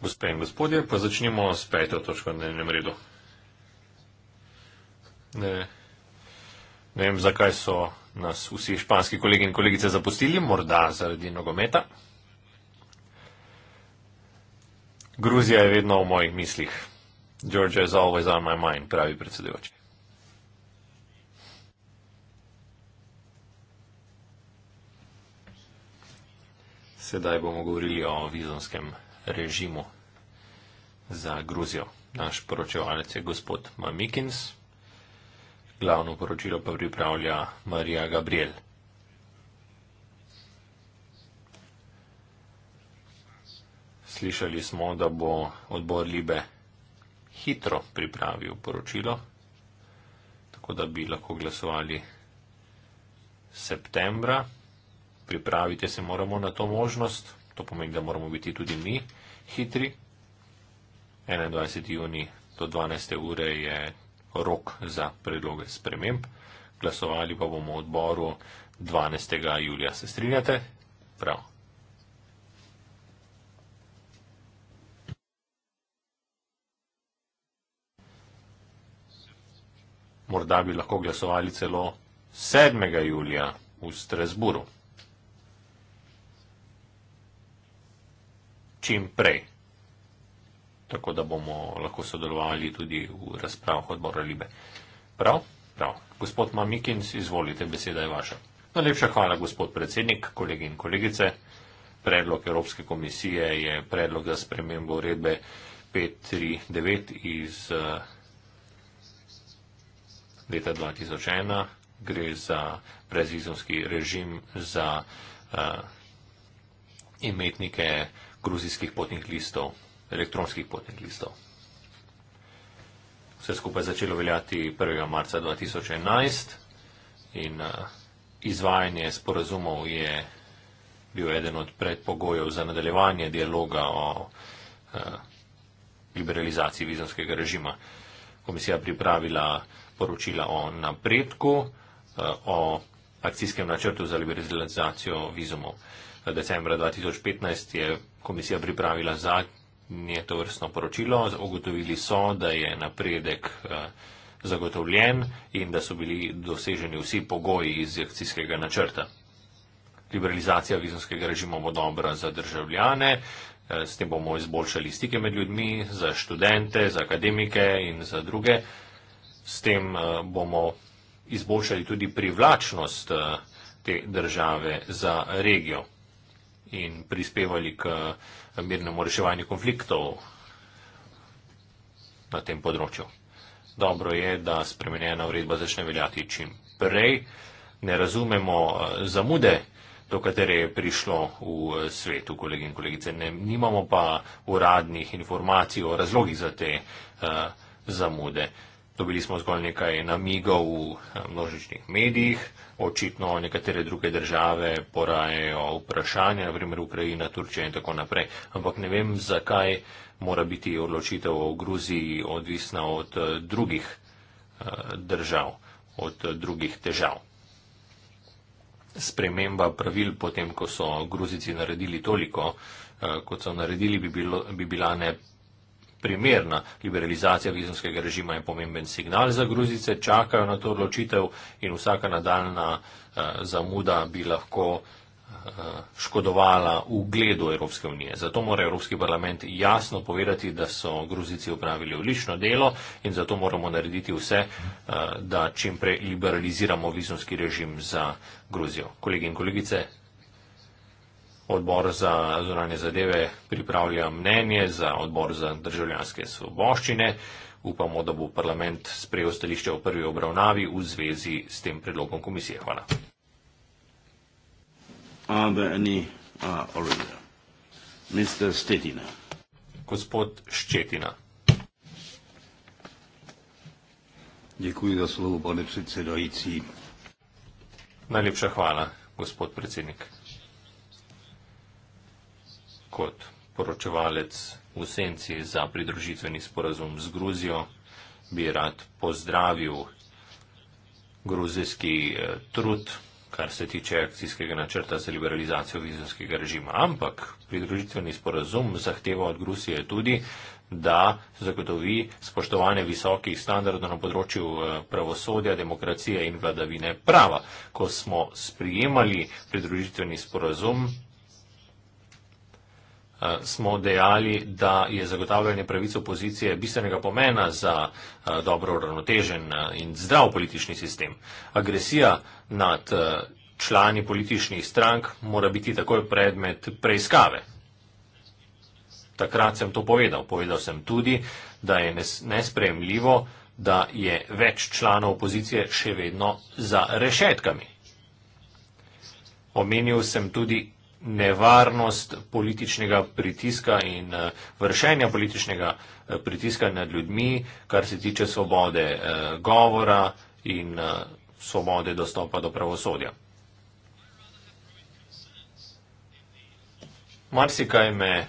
Gospe in gospodje, pa začnimo s peto točko na enem redu. Ne, ne vem, zakaj so nas vsi španski kolegi in kolegice zapustili, morda zaradi nogometa. Gruzija je vedno v mojih mislih. Georgia is always on my mind, pravi predsedujoči. Sedaj bomo govorili o vizumskem režimu za Gruzijo. Naš poročevalec je gospod Mamikins. Glavno poročilo pa pripravlja Marija Gabriel. Slišali smo, da bo odbor Libe hitro pripravil poročilo, tako da bi lahko glasovali septembra pripraviti se moramo na to možnost, to pomeni, da moramo biti tudi mi hitri. 21. juni do 12. ure je rok za predloge sprememb, glasovali pa bomo v odboru 12. julija. Se strinjate? Prav. Morda bi lahko glasovali celo 7. julija v Strasburu. čim prej. Tako da bomo lahko sodelovali tudi v razpravah odbora Libe. Prav? Prav. Gospod Mamikins, izvolite, beseda je vaša. Najlepša hvala, gospod predsednik, kolegi in kolegice. Predlog Evropske komisije je predlog za spremembo uredbe 539 iz eh, leta 2001. Gre za brezvizumski režim za uh, imetnike uh, gruzijskih potnih listov, elektronskih potnih listov. Vse skupaj začelo veljati 1. marca 2011 in eh, izvajanje sporazumov je bil eden od predpogojev za nadaljevanje dialoga o eh, liberalizaciji vizonskega režima. Komisija pripravila poročila o napredku, eh, o akcijskem načrtu za liberalizacijo vizumov. Decembra 2015 je komisija pripravila za nje to vrstno poročilo. Ugotovili so, da je napredek eh, zagotovljen in da so bili doseženi vsi pogoji iz akcijskega načrta. Liberalizacija vizumskega režima bo dobra za državljane, eh, s tem bomo izboljšali stike med ljudmi, za študente, za akademike in za druge. S tem eh, bomo izboljšali tudi privlačnost te države za regijo in prispevali k mirnemu reševanju konfliktov na tem področju. Dobro je, da spremenjena uredba začne veljati čim prej. Ne razumemo eh, zamude, do katere je prišlo v eh, svetu, kolegi in kolegice. Ne, nimamo pa uradnih informacij o razlogih za te uh, zamude. Uh, Dobili smo zgolj nekaj namigov v eh, množičnih medijih, očitno nekatere druge države porajajo vprašanja, naprimer Ukrajina, Turčija in tako naprej. Ampak ne vem, zakaj mora biti odločitev o Gruziji odvisna od eh, drugih eh, držav, od drugih težav. Sprememba pravil potem, ko so Gruzici naredili toliko, kot so naredili, bi, bilo, bi bila ne primerna. Liberalizacija vizumskega režima je pomemben signal za Gruzice, čakajo na to odločitev in vsaka nadaljna eh, zamuda bi lahko eh, škodovala ugledu Evropske unije. Zato mora Evropski parlament jasno povedati, da so Gruzici upravili odlično delo in zato moramo narediti vse, eh, da čimprej liberaliziramo vizumski režim za Gruzijo. Kolegi in kolegice, Odbor za zunanje zadeve pripravlja mnenje za odbor za državljanske svoboščine. Upamo, da bo parlament sprejel stališče v prvi obravnavi v zvezi s tem predlogom komisije. Hvala. Uh, gospod Ščetina. Děkuji za slovo, pane predsedající. Najlepša hvala, gospod predsednik kot poročevalec v senci za pridružitveni sporazum z Gruzijo, bi rad pozdravil gruzijski eh, trud, kar se tiče akcijskega načrta za liberalizacijo vizijskega režima. Ampak pridružitveni sporazum zahteva od Gruzije tudi, da zagotovi spoštovanje visokih standardov na področju eh, pravosodja, demokracije in vladavine prava. Ko smo sprijemali pridružitveni sporazum, Eh, smo dejali, da je zagotavljanje pravic opozicije bistvenega pomena za eh, dobro uravnotežen eh, in zdrav politični sistem. Agresija nad člani političnih strank mora biti takoj predmet preiskave. Takrat sem to povedal. Povedal sem tudi, da je nespremljivo, da je več članov opozicije še vedno za rešetkami. Omenil sem tudi nevarnost političnega pritiska in eh, vršenja političnega eh, pritiska nad ljudmi, kar se tiče svobode eh, govora in svobode dostopa do pravosodja. Marsikaj me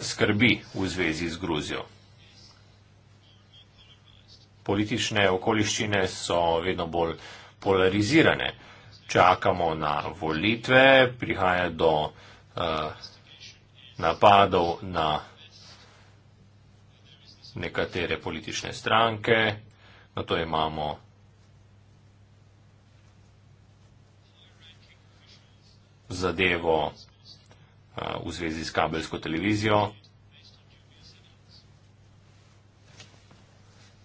skrbi v zvezi z Gruzijo. Politične okoliščine so vedno bolj polarizirane čakamo na volitve, prihaja do uh, napadov na nekatere politične stranke, na to imamo zadevo uh, v zvezi s kabelsko televizijo.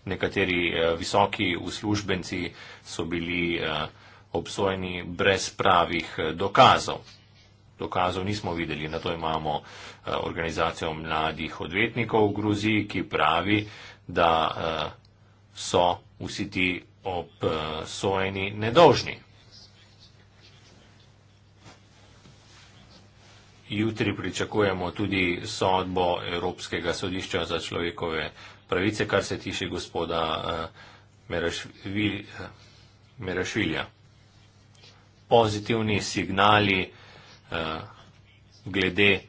Nekateri uh, visoki uslužbenci so bili uh, obsojeni brez pravih eh, dokazov. Dokazov nismo videli. Na to imamo eh, organizacijo mladih odvetnikov v Gruziji, ki pravi, da eh, so vsi ti obsojeni nedolžni. Jutri pričakujemo tudi sodbo Evropskega sodišča za človekove pravice, kar se tiše gospoda Merašvilja. Merešvi, pozitivni signali eh, glede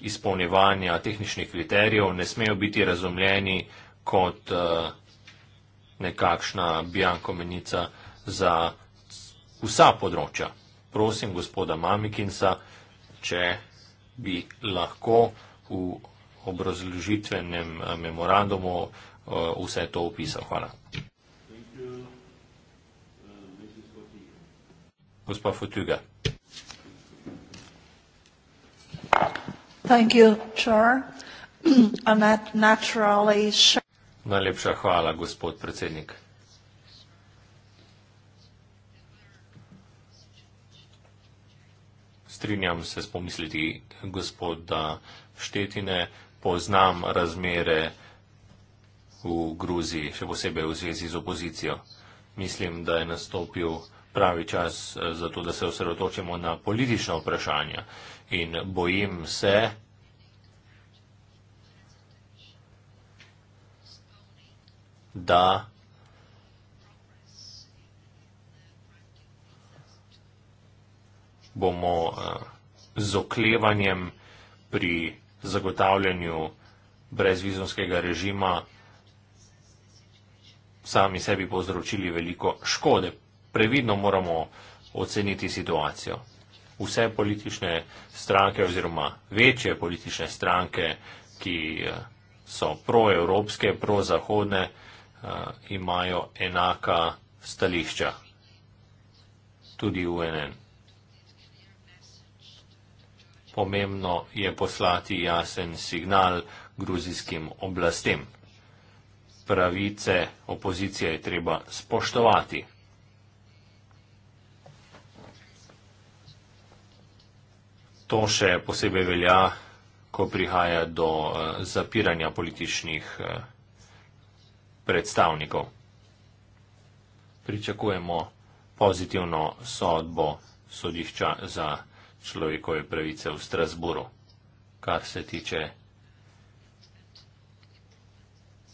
izpolnjevanja tehničnih kriterijev ne smejo biti razumljeni kot eh, nekakšna bjankomenica za vsa področja. Prosim gospoda Mamikinsa, če bi lahko v obrazložitvenem eh, memorandumu eh, vse to opisal. Hvala. Gospa Fotuga. Thank you, Chair. Naturally... Najlepša hvala, gospod predsednik. Strinjam se s pomisliti gospoda Štetine, poznam razmere v Gruziji, še posebej v zvezi z opozicijo. Mislim, da je nastopil pravi čas eh, za to, da se osredotočimo na politična vprašanja. In bojim se, da bomo eh, z oklevanjem pri zagotavljanju brezvizonskega režima sami sebi povzročili veliko škode previdno moramo oceniti situacijo. Vse politične stranke oziroma večje politične stranke, ki eh, so proevropske, prozahodne, eh, imajo enaka stališča. Tudi UNN. Pomembno je poslati jasen signal gruzijskim oblastem. Pravice opozicije je treba spoštovati. to še posebej velja, ko prihaja do eh, zapiranja političnih eh, predstavnikov. Pričakujemo pozitivno sodbo sodišča za človekove pravice v Strasburu, kar se tiče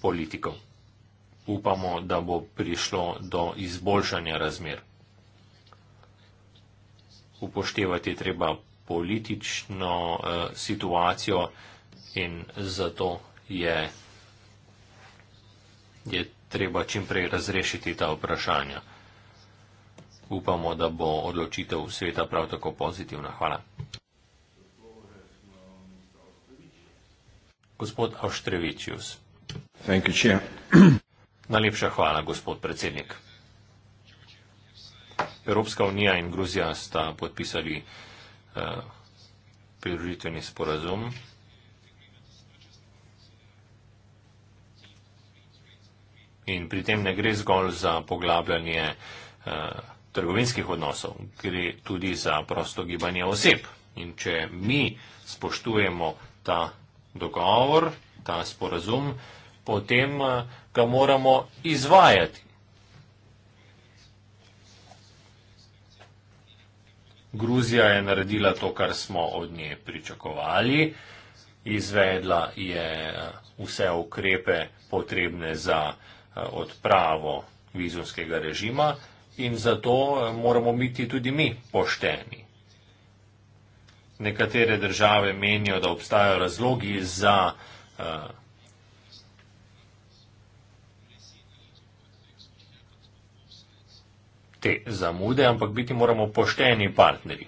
politikov. Upamo, da bo prišlo do izboljšanja razmer. Upoštevati treba politično uh, situacijo in zato je, je treba čimprej razrešiti ta vprašanja. Upamo, da bo odločitev sveta prav tako pozitivna. Hvala. Gospod Avštrevičius. Najlepša hvala, gospod predsednik. Evropska unija in Gruzija sta podpisali prioritetni sporazum. In pri tem ne gre zgolj za poglabljanje eh, trgovinskih odnosov, gre tudi za prosto gibanje oseb. In če mi spoštujemo ta dogovor, ta sporazum, potem eh, ga moramo izvajati Gruzija je naredila to, kar smo od nje pričakovali, izvedla je eh, vse ukrepe potrebne za eh, odpravo vizumskega režima in zato eh, moramo biti tudi mi pošteni. Nekatere države menijo, da obstajajo razlogi za uh, te zamude, ampak biti moramo pošteni partnerji.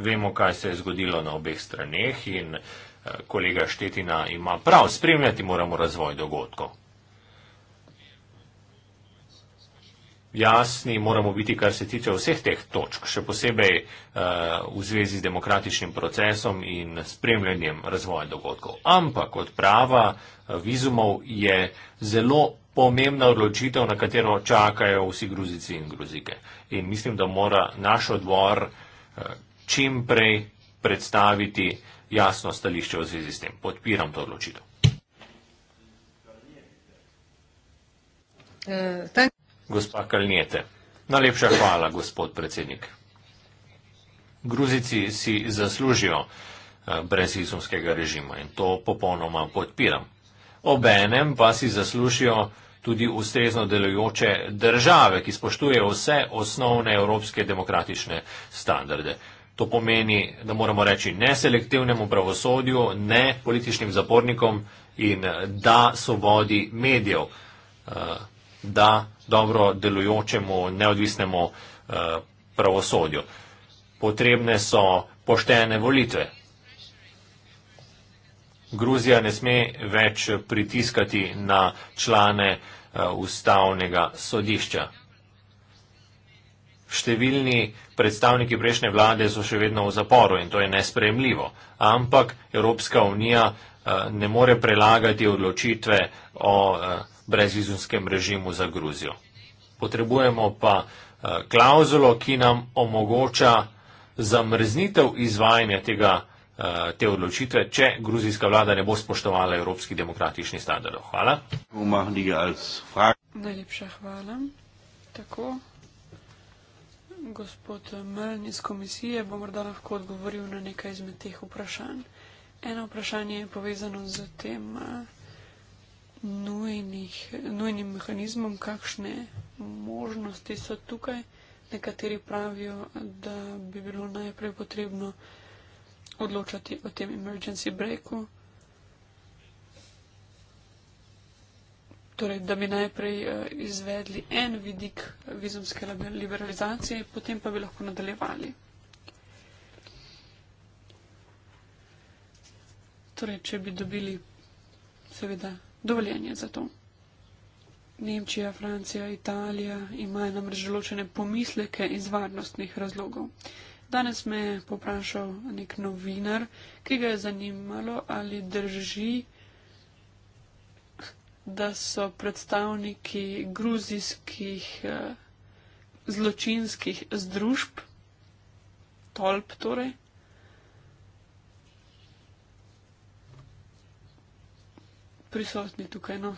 Vemo, kaj se je zgodilo na obeh straneh in eh, kolega Štetina ima prav, spremljati moramo razvoj dogodkov. Jasni moramo biti, kar se tiče vseh teh točk, še posebej uh, v zvezi z demokratičnim procesom in spremljanjem razvoja dogodkov. Ampak odprava eh, vizumov je zelo pomembna odločitev, na katero čakajo vsi gruzici in gruzike. In mislim, da mora naš odbor eh, čim prej predstaviti jasno stališče v zvezi s tem. Podpiram to odločitev. Eh, Gospa Kalnjete, najlepša hvala, gospod predsednik. Gruzici si zaslužijo eh, brezizumskega režima in to popolnoma podpiram. Obenem pa si zaslužijo tudi ustrezno delujoče države, ki spoštujejo vse osnovne evropske demokratične standarde. To pomeni, da moramo reči neselektivnemu pravosodju, ne političnim zapornikom in da svobodi medijev, eh, da dobro delujočemu neodvisnemu eh, pravosodju. Potrebne so poštene volitve, Gruzija ne sme več pritiskati na člane eh, ustavnega sodišča. Številni predstavniki prejšnje vlade so še vedno v zaporu in to je nespremljivo, ampak Evropska unija eh, ne more prelagati odločitve o eh, brezvizumskem režimu za Gruzijo. Potrebujemo pa klauzulo, ki nam omogoča zamrznitev izvajanja tega režima. Eh, te odločitve, če gruzijska vlada ne bo spoštovala evropskih demokratičnih standardov. Hvala. Najlepša hvala. Tako, gospod Meln iz komisije bo morda lahko odgovoril na nekaj izmed teh vprašanj. Eno vprašanje je povezano z tem eh, nujnih, nujnim mehanizmom, kakšne možnosti so tukaj. Nekateri pravijo, da bi bilo najprej potrebno odločati o tem emergency breaku. Torej, da bi najprej eh, izvedli en vidik vizumske liberalizacije, potem pa bi lahko nadaljevali. Torej, če bi dobili seveda dovoljenje za to. Nemčija, Francija, Italija imajo namreč določene pomisleke iz varnostnih razlogov. Danes me je poprašal nek novinar, ki ga je zanimalo, ali drži, da so predstavniki gruzijskih eh, zločinskih združb, tolp torej. Prisotni tukaj, no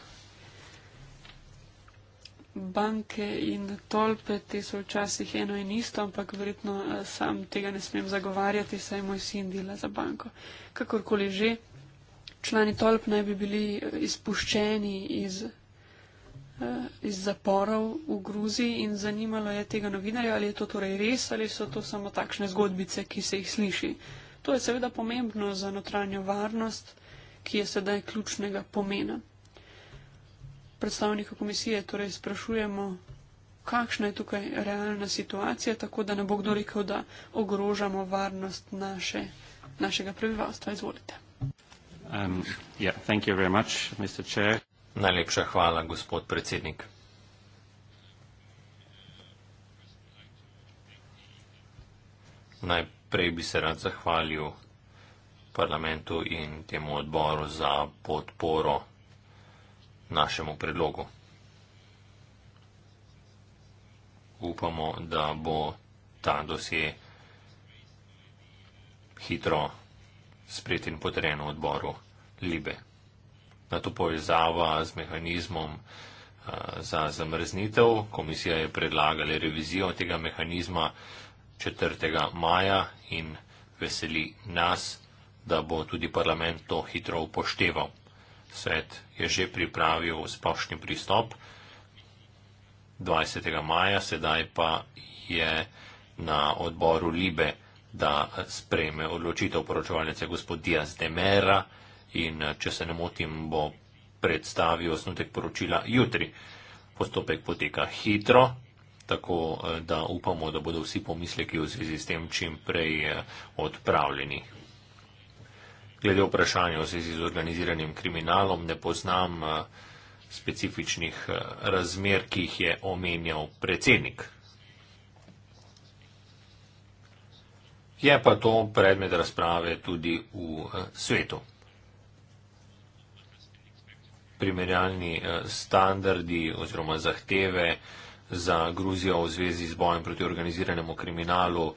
banke in tolpe, te so včasih eno in isto, ampak verjetno eh, sam tega ne smem zagovarjati, saj moj sin dela za banko. Kakorkoli že, člani tolp naj bi bili eh, izpuščeni iz, eh, iz zaporov v Gruziji in zanimalo je tega novinarja, ali je to torej res ali so to samo takšne zgodbice, ki se jih sliši. To je seveda pomembno za notranjo varnost, ki je sedaj ključnega pomena predstavnika komisije torej sprašujemo, kakšna je tukaj realna situacija, tako da ne bo kdo rekel, da ogrožamo varnost naše, našega prebivalstva. Izvolite. Um, yeah, thank you very much, Mr. Chair. Najlepša hvala, gospod predsednik. Najprej bi se rad zahvalil parlamentu in temu odboru za podporo našemu predlogu. Upamo, da bo ta dosje hitro spret in potrjen v odboru Libe. Na to povezava z mehanizmom eh, za zamrznitev. Komisija je predlagala revizijo tega mehanizma 4. maja in veseli nas, da bo tudi parlament to hitro upošteval svet je že pripravil splošni pristop 20. maja, sedaj pa je na odboru Libe, da spreme odločitev poročevalnice gospod Diaz de Mera in, če se ne motim, bo predstavil osnutek poročila jutri. Postopek poteka hitro, tako eh, da upamo, da bodo vsi pomisleki v zvezi s tem čim prej eh, odpravljeni glede vprašanja v zvezi z organiziranim kriminalom, ne poznam eh, specifičnih eh, razmer, ki jih je omenjal predsednik. Je pa to predmet razprave tudi v eh, svetu. Primerjalni standardi oziroma zahteve za Gruzijo v zvezi z bojem proti organiziranemu kriminalu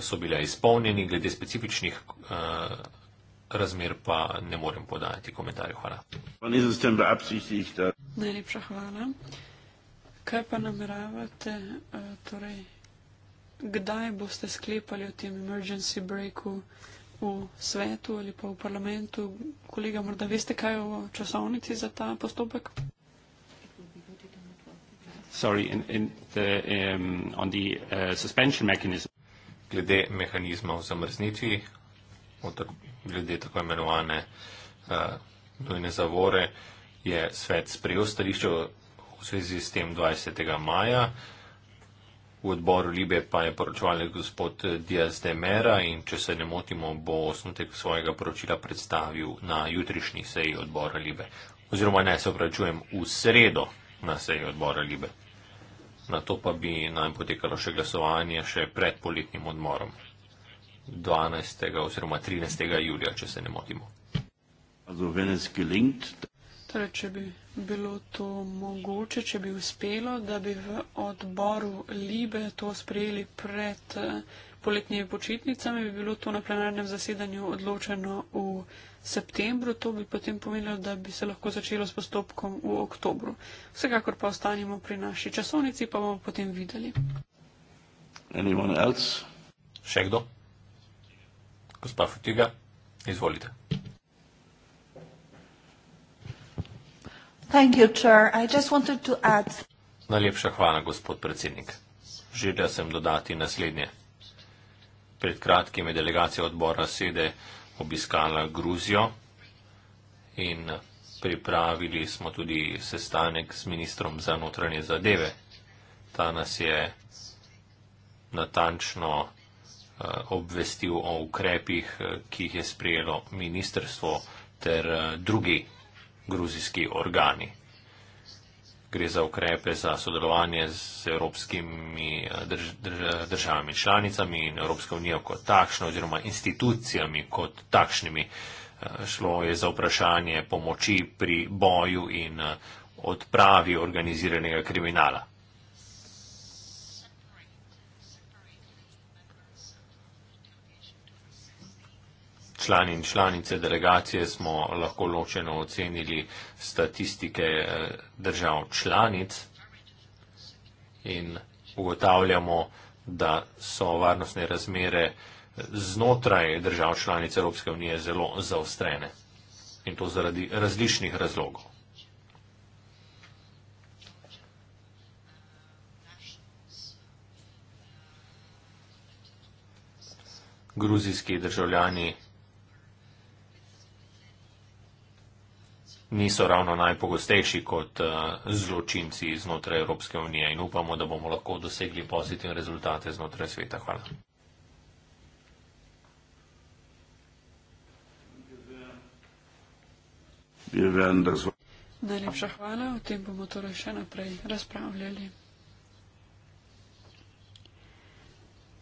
so bile izpolnjeni glede specifičnih razmer pa ne morem podajati komentarjev. Hvala. Najlepša hvala. Kaj pa nameravate, eh, torej, kdaj boste sklepali o tem emergency breaku v svetu ali pa v parlamentu? Kolega, morda veste, kaj je v časovnici za ta postopek? Sorry, in, in the, um, the, uh, Glede mehanizmov zamrznitvi, glede tako imenovane uh, nujne zavore, je svet sprejel stališče v svezi s tem 20. maja. V odboru Libe pa je poročevalni gospod eh, Diaz de Mera in, če se ne motimo, bo osnutek svojega poročila predstavil na jutrišnji seji odbora Libe. Oziroma, naj se opračujem v sredo na seji odbora Libe. Na to pa bi nam potekalo še glasovanje, še pred poletnim odmorom. 12. oziroma 13. julija, če se ne motimo. Torej, če bi bilo to mogoče, če bi uspelo, da bi v odboru Libe to sprejeli pred eh, poletnimi počitnicami, bi bilo to na plenarnem zasedanju odločeno v septembru, to bi potem pomenilo, da bi se lahko začelo s postopkom v oktobru. Vsekakor pa ostanimo pri naši časovnici, pa bomo potem videli. Še kdo? Gospa Futiga, izvolite. Thank you, chair. I just wanted to add. Najlepša hvala, gospod predsednik. Želel sem dodati naslednje. Pred kratkim je delegacija odbora sede obiskala Gruzijo in pripravili smo tudi sestanek s ministrom za notranje zadeve. Ta nas je natančno Eh, obvestil o ukrepih, eh, ki jih je sprejelo ministrstvo ter eh, drugi gruzijski organi. Gre za ukrepe za sodelovanje z evropskimi drž drž državami članicami in Evropska unija kot takšno oziroma institucijami kot takšnimi. Šlo je za vprašanje pomoči pri boju in odpravi organiziranega kriminala. člani in članice delegacije smo lahko ločeno ocenili statistike eh, držav članic in ugotavljamo, da so varnostne razmere eh, znotraj držav članic Evropske unije zelo zaostrene in to zaradi različnih razlogov. Gruzijski državljani niso ravno najpogostejši kot eh, zločinci znotraj Evropske unije in upamo, da bomo lahko dosegli pozitivne rezultate znotraj sveta. Hvala. Najlepša hvala, o tem bomo torej še naprej razpravljali.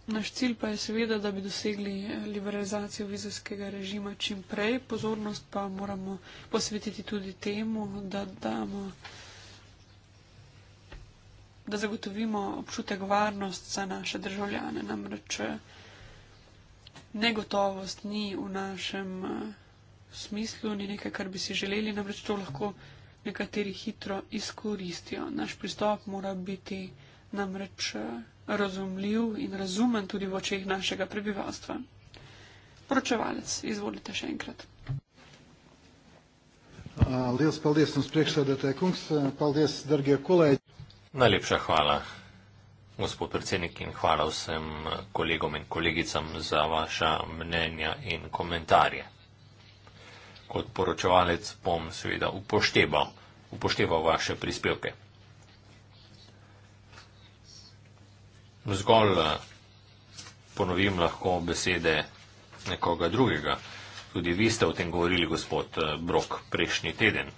Naš cilj pa je seveda, da bi dosegli eh, liberalizacijo vizovskega režima čim prej. Pozornost pa moramo posvetiti tudi temu, da, damo, da zagotovimo občutek varnost za naše državljane. Namreč eh, negotovost ni v našem eh, smislu, ni nekaj, kar bi si želeli, namreč to lahko nekateri hitro izkoristijo. Naš pristop mora biti namreč razumljiv in razumen tudi v očeh našega prebivalstva. Poročevalec, izvolite še enkrat. Najlepša hvala, gospod predsednik, in hvala vsem kolegom in kolegicam za vaša mnenja in komentarje. Kot poročevalec bom seveda upošteval, upošteval vaše prispevke. zgolj eh, ponovim lahko besede nekoga drugega. Tudi vi ste o tem govorili, gospod eh, Brok, prejšnji teden.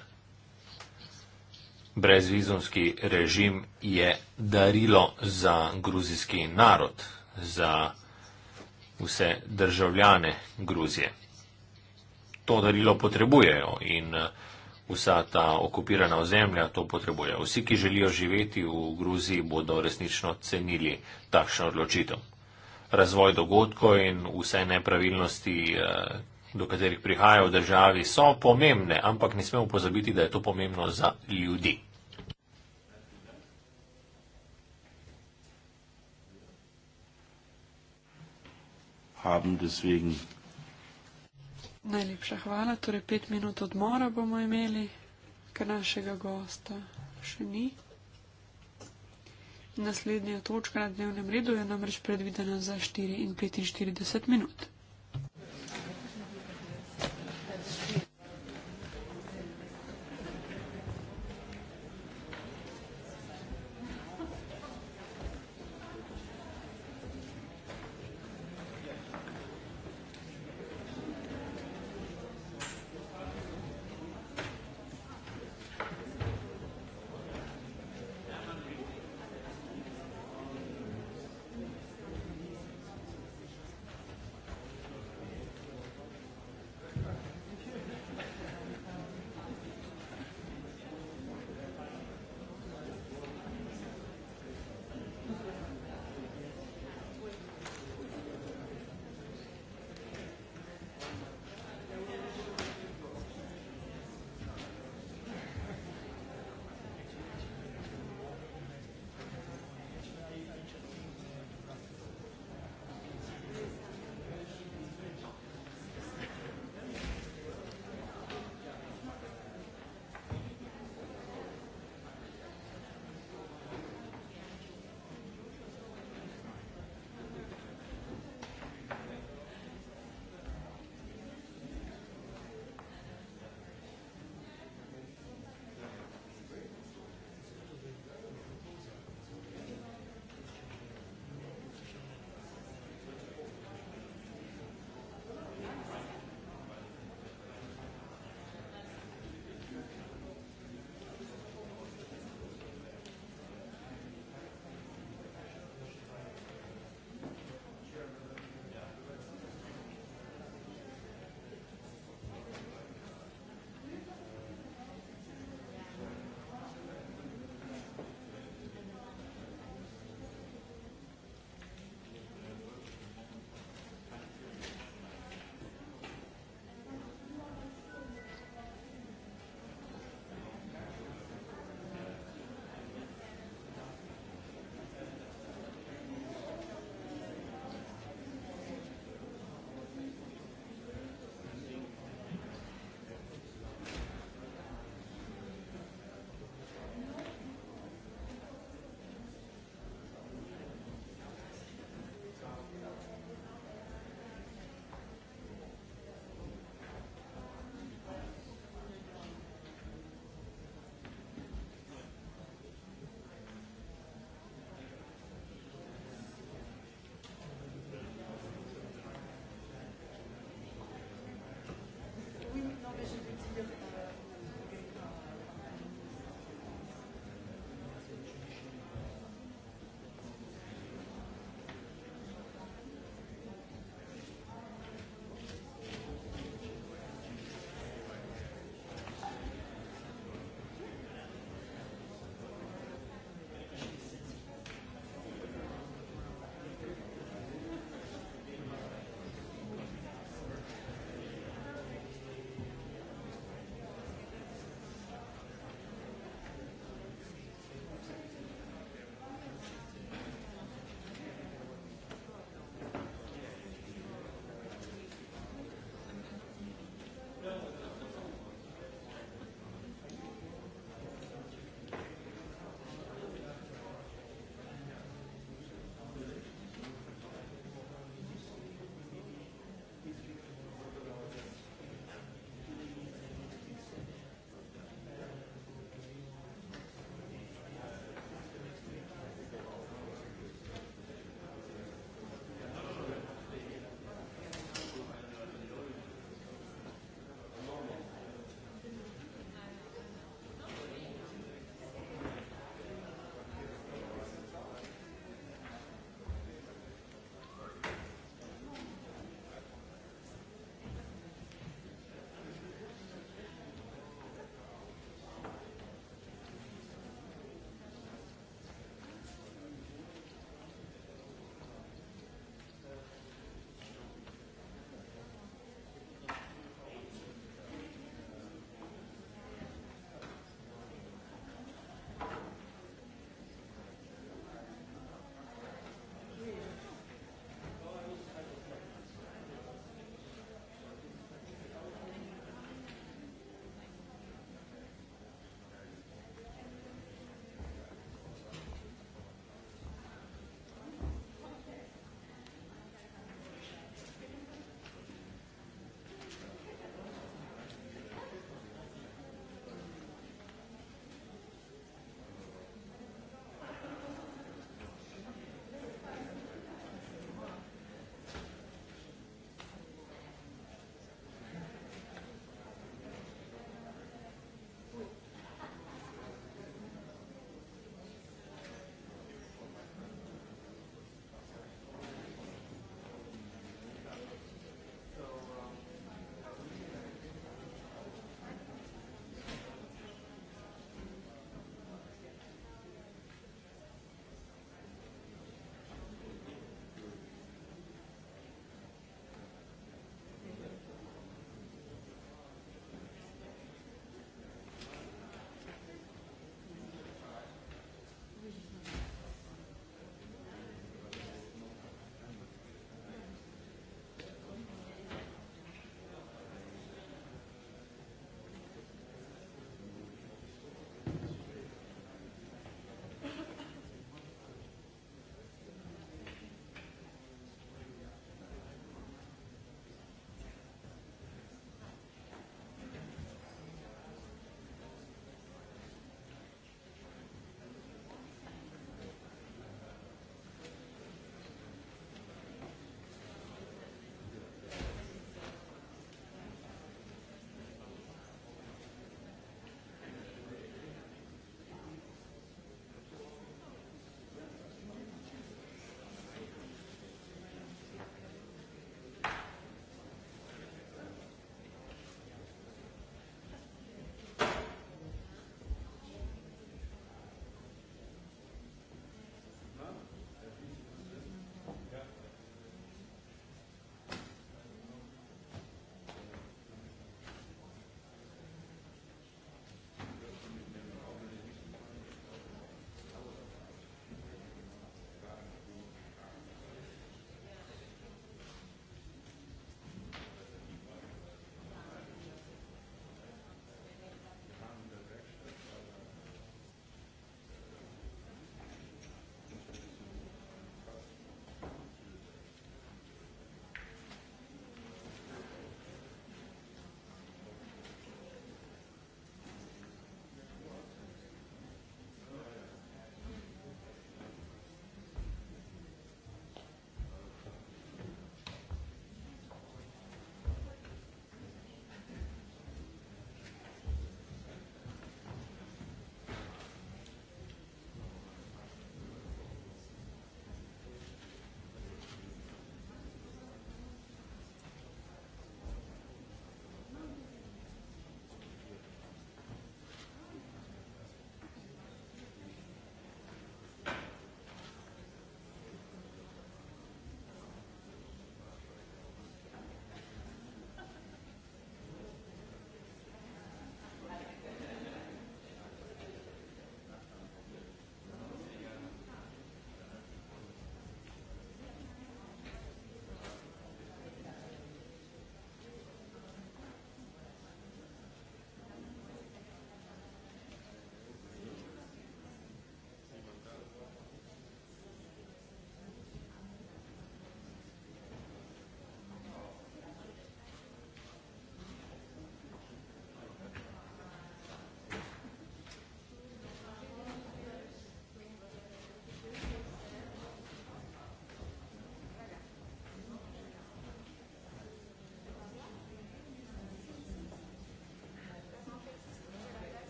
Brezvizumski režim je darilo za gruzijski narod, za vse državljane Gruzije. To darilo potrebujejo in uh, vsa ta okupirana ozemlja to potrebuje. Vsi, ki želijo živeti v Gruziji, bodo resnično cenili takšno odločitev. Razvoj dogodkov in vse nepravilnosti, eh, do katerih prihaja v državi, so pomembne, ampak ne smemo pozabiti, da je to pomembno za ljudi. Haben deswegen Najlepša hvala. Torej, pet minut odmora bomo imeli, ker našega gosta še ni. Naslednja točka na dnevnem redu je namreč predvidena za 4 in 45 minut.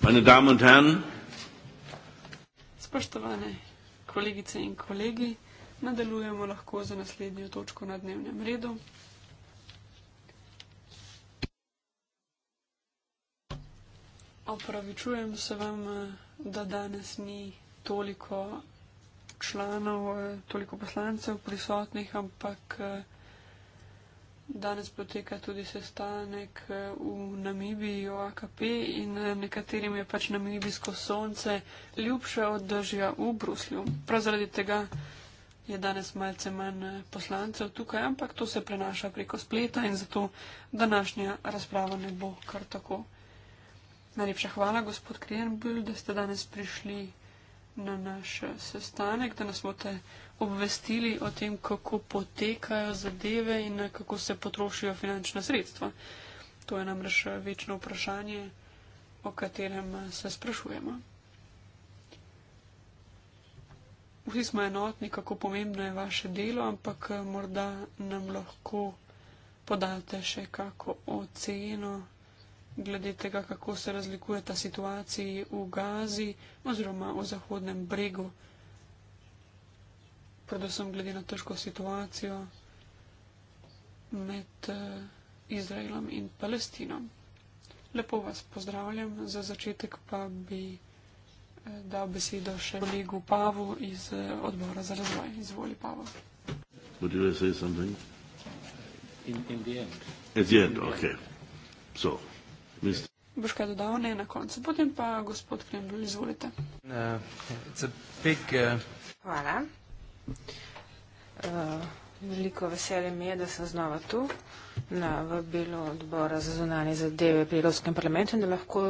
Meine Damen und Herren. Spoštovane kolegice in kolegi, nadaljujemo lahko za naslednjo točko na dnevnem redu. Opravičujem se vam, da danes ni toliko članov, toliko poslancev prisotnih, ampak. Danes poteka tudi sestanek eh, v Namibiji o AKP in eh, nekaterim je pač namibijsko sonce ljubše od držja v Bruslju. Prav zaradi tega je danes malce manj eh, poslancev tukaj, ampak to se prenaša preko spleta in zato današnja razprava ne bo kar tako. Najlepša hvala, gospod Krenbil, da ste danes prišli na naš sestanek, da nas bote obvestili o tem, kako potekajo zadeve in kako se potrošijo finančna sredstva. To je namreč večno vprašanje, o katerem se sprašujemo. Vsi smo enotni, kako pomembno je vaše delo, ampak eh, morda nam lahko podate še kako oceno glede tega, kako se razlikuje ta situacija v Gazi oziroma v Zahodnem bregu predvsem glede na težko situacijo med eh, Izraelom in Palestino. Lepo vas pozdravljam, za začetek pa bi eh, dal besedo še kolegu Pavu iz eh, odbora za razvoj. Izvoli, Pavo. Would you say something? In, in the end. At the end, okay. So, Mr. Boš kaj dodal, ne na koncu. Potem pa gospod Kremlj, izvolite. Uh, it's a big, uh... Hvala. Eh, veliko veselje mi je, da sem znova tu na vabilu odbora za zunanje zadeve pri Evropskem parlamentu in da lahko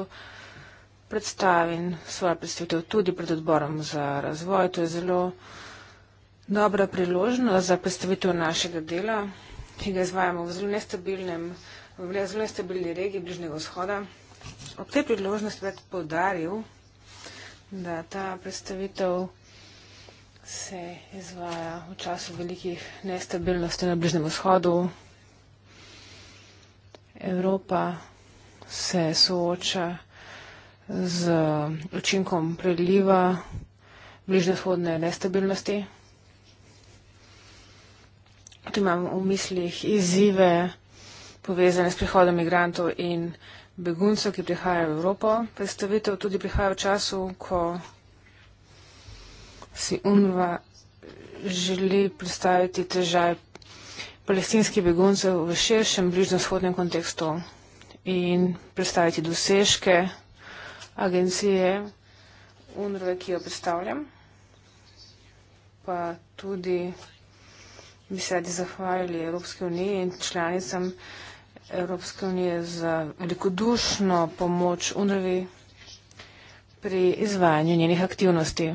predstavim svojo predstavitev tudi pred odborom za razvoj. To je zelo dobra priložnost za predstavitev našega dela, ki ga izvajamo v zelo nestabilnem, v zelo nestabilni regiji Bližnjega vzhoda. Ob tej priložnosti bi poudaril, da ta predstavitev se izvaja v času velikih nestabilnosti na Bližnem vzhodu. Evropa se sooča z učinkom preliva bližnjevzhodne nestabilnosti. Tu imam v mislih izzive povezane s prihodom migrantov in beguncev, ki prihajajo v Evropo. Predstavitev tudi prihaja v času, ko si UNVA želi predstaviti težaj palestinskih beguncev v širšem bližnjo-shodnem kontekstu in predstaviti dosežke agencije UNRWE, ki jo predstavljam, pa tudi bi se radi zahvalili Evropske unije in članicam Evropske unije za velikodušno pomoč UNRWE pri izvajanju njenih aktivnosti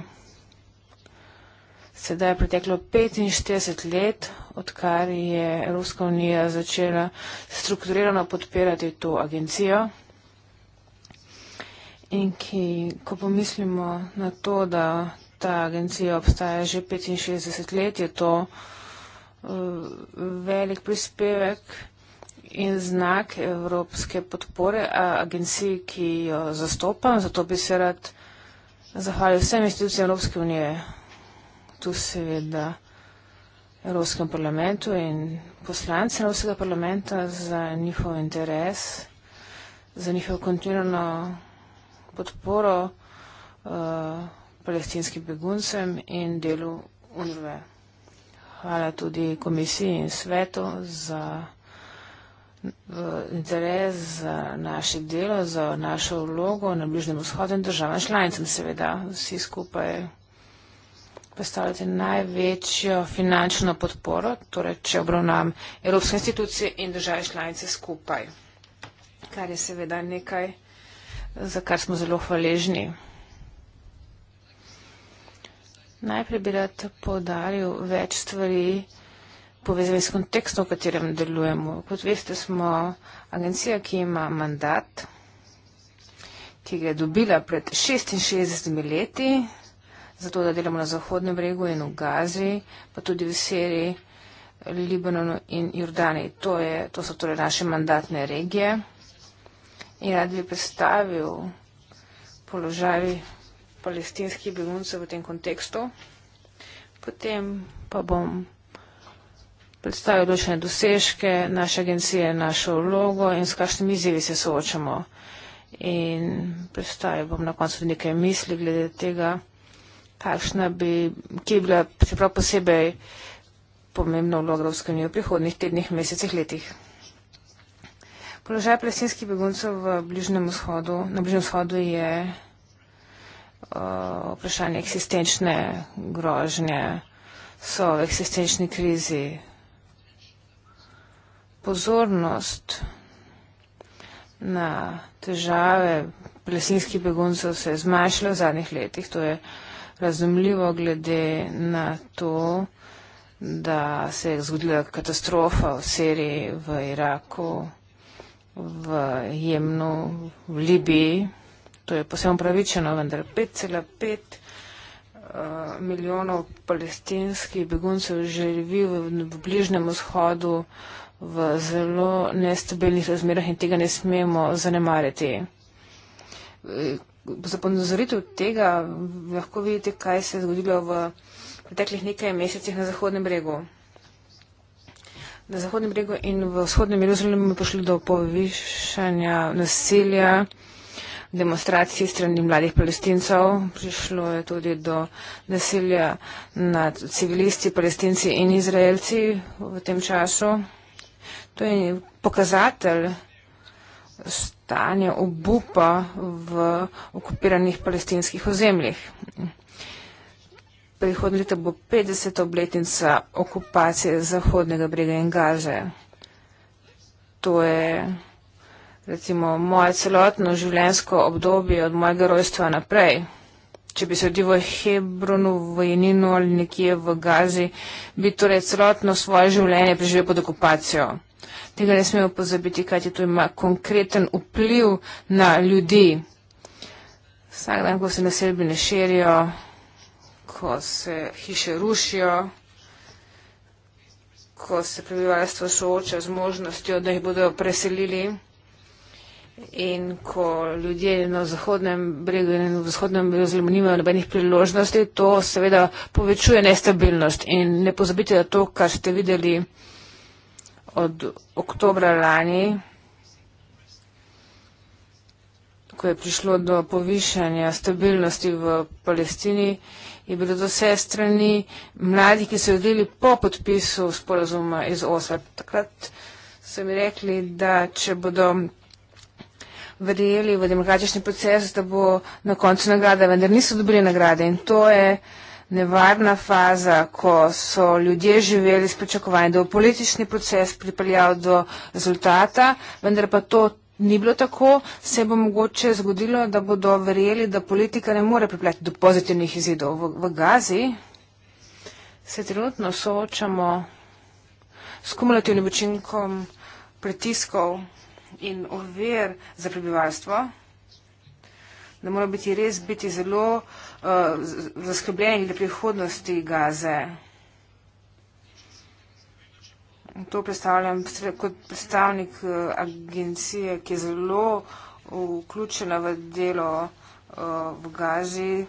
sedaj je preteklo 45 let, odkar je Evropska unija začela strukturirano podpirati to agencijo. In ki, ko pomislimo na to, da ta agencija obstaja že 65 let, je to eh, velik prispevek in znak evropske podpore agenciji, ki jo zastopam. Zato bi se rad zahvalil vsem institucijam Evropske unije tu seveda Evropskem parlamentu in poslancem Evropskega parlamenta za njihov interes, za njihovo kontinuirano podporo uh, palestinskim beguncem in delu UNRWE. Hvala tudi komisiji in svetu za uh, interes za naše delo, za našo vlogo na Bližnjem vzhodu in državam članicam, seveda vsi skupaj predstavljate največjo finančno podporo, torej če obravnavam evropske institucije in države članice skupaj, kar je seveda nekaj, za kar smo zelo hvaležni. Najprej bi rad podaril več stvari povezanih s kontekstom, v katerem delujemo. Kot veste, smo agencija, ki ima mandat, ki ga je dobila pred 66 leti, zato da delamo na Zahodnem bregu in v Gazi, pa tudi v Siriji, Libanonu in Jordaniji. To, je, to so torej naše mandatne regije. In rad bi predstavil položaj palestinskih beguncev v tem kontekstu. Potem pa bom predstavil določene dosežke naše agencije, našo vlogo in s kakšnimi izzivi se soočamo. In predstavil bom na koncu nekaj misli glede tega kakšna bi, ki je bila čeprav posebej pomembna vloga Evropske unije v prihodnih tednih, mesecih, letih. Položaj palestinskih beguncev v Bližnjem vzhodu, na Bližnjem vzhodu je uh, vprašanje eksistenčne grožnje, so v eksistenčni krizi. Pozornost na težave palestinskih beguncev se je zmanjšala v zadnjih letih. To je uh, razumljivo glede na to, da se je zgodila katastrofa v Siriji, v Iraku, v Jemnu, v Libiji. To je posebno pravičeno, vendar 5,5 eh, milijonov palestinskih beguncev živi v, v bližnjem vzhodu v zelo nestabilnih razmerah in tega ne smemo zanemariti. Eh, za ponazoritev tega lahko vidite, kaj se je zgodilo v preteklih nekaj mesecih na Zahodnem bregu. Na Zahodnem bregu in v vzhodnem Jeruzalemu je prišlo do povišanja nasilja, demonstracij strani mladih palestincev, prišlo je tudi do nasilja nad civilisti, palestinci in izraelci v tem času. To je pokazatelj stanje obupa v okupiranih palestinskih ozemljih. Prihodnje leto bo 50. obletnica okupacije Zahodnega brega in Gaze. To je recimo moje celotno življenjsko obdobje od mojega rojstva naprej. Če bi sedel v Hebronu, v Jeninu ali nekje v Gazi, bi torej celotno svoje življenje preživel pod okupacijo. Tega ne smemo pozabiti, kajti to ima konkreten vpliv na ljudi. Vsak dan, ko se naselbi ne širijo, ko se hiše rušijo, ko se prebivalstvo sooča z možnostjo, da jih bodo preselili in ko ljudje na zahodnem bregu in v zahodnem bregu zelo nimajo nobenih priložnosti, to seveda povečuje nestabilnost. In ne pozabite, da to, kar ste videli, od oktobra lani, ko je prišlo do povišanja stabilnosti v Palestini, je bilo do vse strani mladi, ki so odeli po podpisu sporazuma iz Osep. Takrat so mi rekli, da če bodo verjeli v demokratični proces, da bo na koncu nagrada, vendar niso dobili nagrade. In to je nevarna faza, ko so ljudje živeli s pričakovanjem, da bo politični proces pripeljal do rezultata, vendar pa to. Ni bilo tako, se bo mogoče zgodilo, da bodo verjeli, da politika ne more pripeljati do pozitivnih izidov. V, v Gazi se trenutno soočamo s kumulativnim učinkom pritiskov in ovir za prebivalstvo. Da mora biti res biti zelo uh, Eh, zaskrbljeni glede prihodnosti Gaze. To predstavljam kot predstavnik eh, agencije, ki je zelo vključena v delo eh, v Gazi.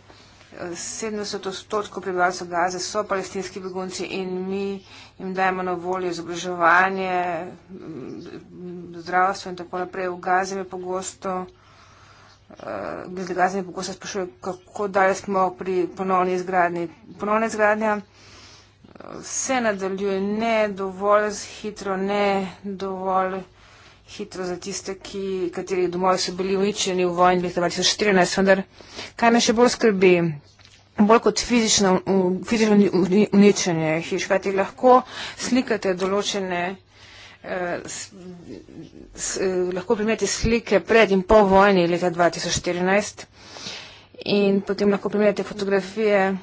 70 odstotkov prebivalcev Gaze so palestinski begunci in mi jim dajemo na voljo izobraževanje, zdravstvo in tako naprej. V Gazi je pogosto uh, eh, ljudje Gazni pogosto sprašujejo, kako dalje smo pri ponovni izgradnji. Ponovna izgradnja eh, se nadaljuje ne dovolj hitro, ne dovolj hitro za tiste, ki, kateri domovi so bili uničeni v vojni 2014, vendar kaj me še bolj skrbi? Bolj kot fizično, fizično uničenje hiš, kajti lahko slikate določene Eh, s, eh, lahko primerjate slike pred in po vojni leta 2014 in potem lahko primerjate fotografije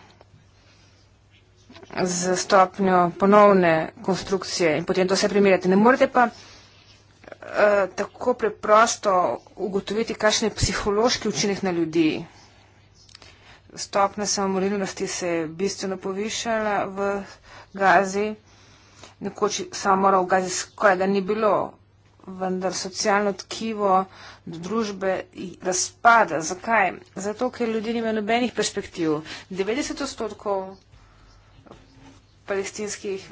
z stopnjo ponovne konstrukcije in potem to vse primerjate. Ne morete pa uh, tako preprosto ugotoviti, kakšen je psihološki učinek na ljudi. Stopna samomorilnosti se je bistveno povišala v Gazi nekoč samorov ga skoraj da ni bilo, vendar socialno tkivo do družbe razpada. Zakaj? Zato, ker ljudje nimajo nobenih perspektiv. 90 odstotkov palestinskih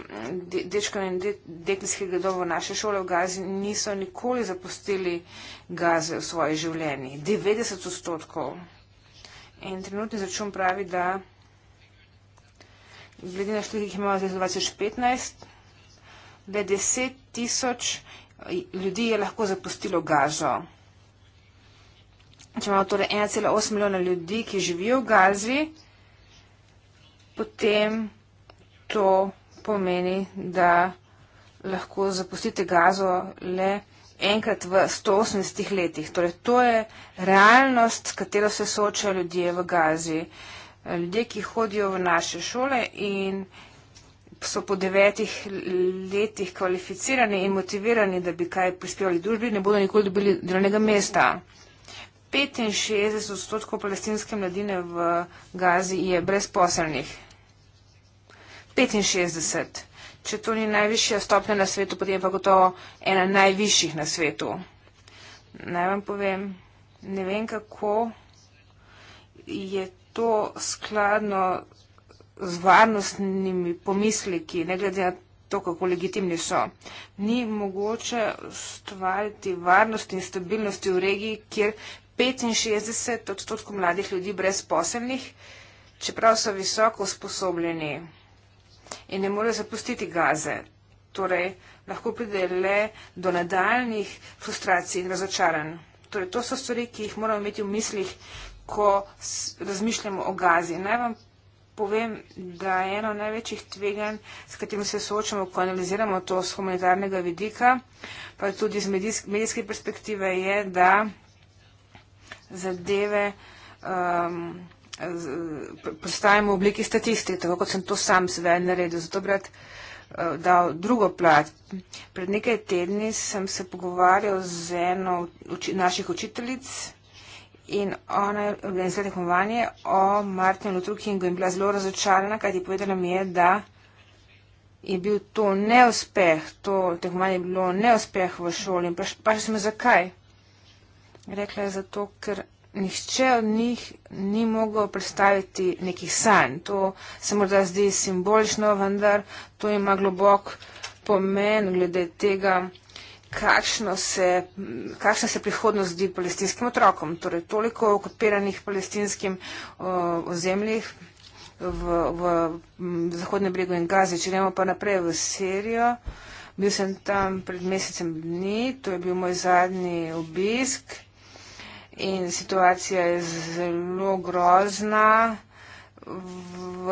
dečkov in deklinskih gledov v naše šole v Gazi niso nikoli zapustili Gaze v svoje življenje. 90 odstotkov. In trenutni začun pravi, da glede na številke, ki jih imamo zdaj 2015, le 10 tisoč eh, ljudi je lahko zapustilo gazo. Če imamo torej 1,8 milijona ljudi, ki živijo v gazi, potem to pomeni, da lahko zapustite gazo le enkrat v 180 letih. Torej, to je realnost, s katero se soočajo ljudje v gazi. Ljudje, ki hodijo v naše šole in so po devetih letih kvalificirani in motivirani, da bi kaj prispevali družbi, ne bodo nikoli dobili delovnega mesta. 65 odstotkov palestinske mladine v Gazi je brezposelnih. 65. Če to ni najvišja stopnja na svetu, potem pa gotovo ena najvišjih na svetu. Naj vam povem, ne vem kako je to skladno z varnostnimi pomisleki, ne glede na to, kako legitimni so. Ni mogoče ustvariti varnosti in stabilnosti v regiji, kjer 65 odstotkov mladih ljudi brezposelnih, čeprav so visoko usposobljeni in ne morejo zapustiti gaze. Torej, lahko pride le do nadaljnih frustracij in razočaranj. Torej, to so stvari, ki jih moramo imeti v mislih, ko razmišljamo o gazi. Naj vam povem, da je eno največjih tveganj, s katerim se soočamo, ko analiziramo to z humanitarnega vidika, pa tudi z medijske, medijske perspektive, je, da zadeve um, postajamo v obliki statistike, tako kot sem to sam sebe naredil. Zato brat uh, dal drugo plat. Pred nekaj tedni sem se pogovarjal z eno uči, naših učiteljic, in ona je organizirala tekmovanje o Martinu Luther Kingu in bila zelo razočarana, kajti povedala mi je, da je bil to neuspeh, to tekmovanje je bilo neuspeh v šoli in vprašala sem zakaj. Rekla je zato, ker nihče od njih ni mogel predstaviti nekih sanj. To se morda zdi simbolično, vendar to ima globok pomen glede tega kakšna se, se prihodnost zdi palestinskim otrokom. Torej, toliko okupiranih palestinskim ozemljih v, v Zahodnem bregu in Gazi. Če gremo pa naprej v Sirijo, bil sem tam pred mesecem dni, to je bil moj zadnji obisk in situacija je zelo grozna. V,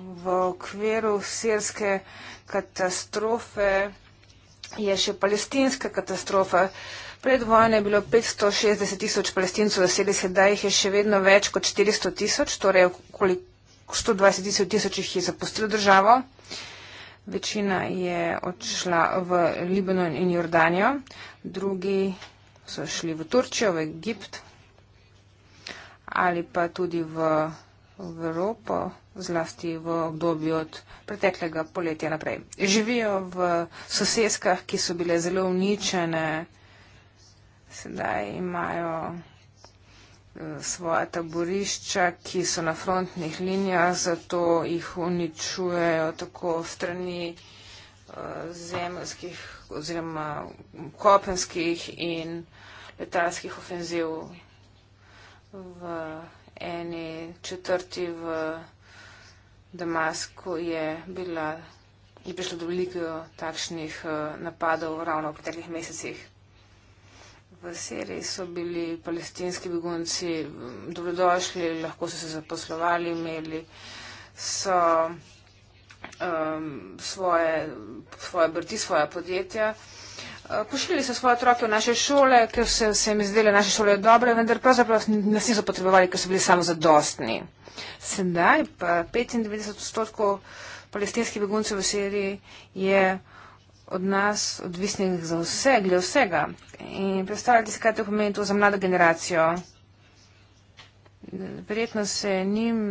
v okviru sirske katastrofe je še palestinska katastrofa. Pred vojno je bilo 560 tisoč palestincev, zasedaj sedaj jih je še vedno več kot 400 tisoč, torej okoli 120 tisoč jih je zapustilo državo. Večina je odšla v Libanon in Jordanijo, drugi so šli v Turčijo, v Egipt ali pa tudi v, v Evropo zlasti v obdobju od preteklega poletja naprej. Živijo v soseskah, ki so bile zelo uničene, sedaj imajo eh, svoja taborišča, ki so na frontnih linijah, zato jih uničujejo tako strani eh, zemljskih oziroma kopenskih in letalskih ofenziv v eni četrti v Damasku je, bila, je prišlo do veliko takšnih eh, napadov ravno v preteklih mesecih. V Siriji so bili palestinski begunci mm, dobrodošli, lahko so se zaposlovali, imeli so um, svoje, svoje brti, svoje podjetja. Eh, Pošiljali so svoje otroke v naše šole, ker se, se jim je zdelo naše šole dobre, vendar pravzaprav nas niso potrebovali, ker so bili samo zadostni. Sedaj pa 95 odstotkov palestinskih beguncev v Siriji je od nas odvisnih za vse, glede vsega. In predstavljate si, kaj to pomeni to za mlado generacijo. Verjetno se njim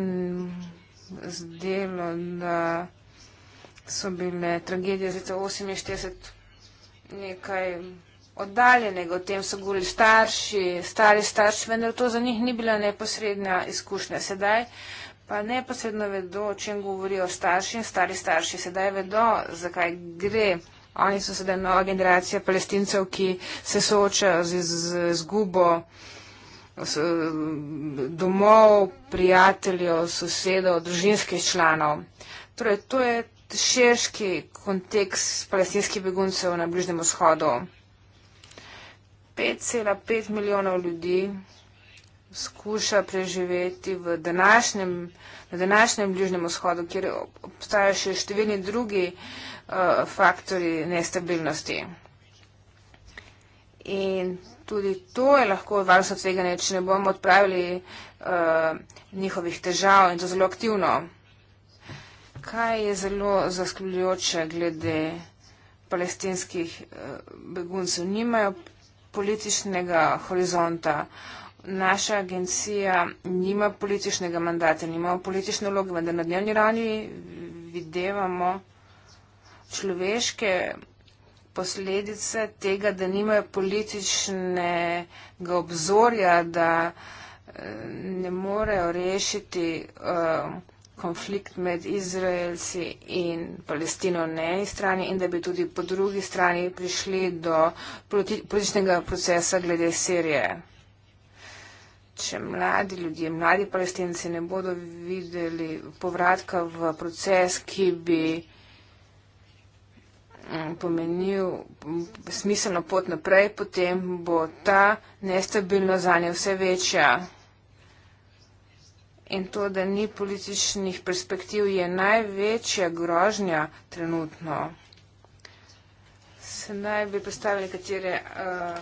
zdelo, da so bile tragedije z leta 48 nekaj oddaljenega, o tem so govorili starši, stari starši, vendar to za njih ni bila neposredna izkušnja. Sedaj pa neposredno vedo, o čem govorijo starši in stari starši. Sedaj vedo, zakaj gre. Oni so sedaj nova generacija palestincev, ki se soočajo z izgubo domov, prijateljev, sosedov, družinskih članov. Torej, to je širški kontekst palestinskih beguncev na Bližnjem vzhodu. 5,5 milijonov ljudi skuša preživeti v današnjem, na današnjem Bližnjem vzhodu, kjer obstajajo še številni drugi uh, faktori nestabilnosti. In tudi to je lahko varnostno tveganje, če ne bomo odpravili uh, njihovih težav in to zelo aktivno. Kaj je zelo zaskrbljujoče glede palestinskih eh, beguncev? Nimajo političnega horizonta. Naša agencija nima političnega mandata, nimamo politične vloge, vendar na dnevni ravni videvamo človeške posledice tega, da nimajo političnega obzorja, da eh, ne morejo rešiti. Uh, konflikt med Izraelci in Palestino na eni strani in da bi tudi po drugi strani prišli do političnega procesa glede Sirije. Če mladi ljudje, mladi palestinci ne bodo videli povratka v proces, ki bi mm, pomenil mm, smiselno pot naprej, potem bo ta nestabilnost zanje vse večja in to, da ni političnih perspektiv, je največja grožnja trenutno. Se naj bi predstavili nekatere uh,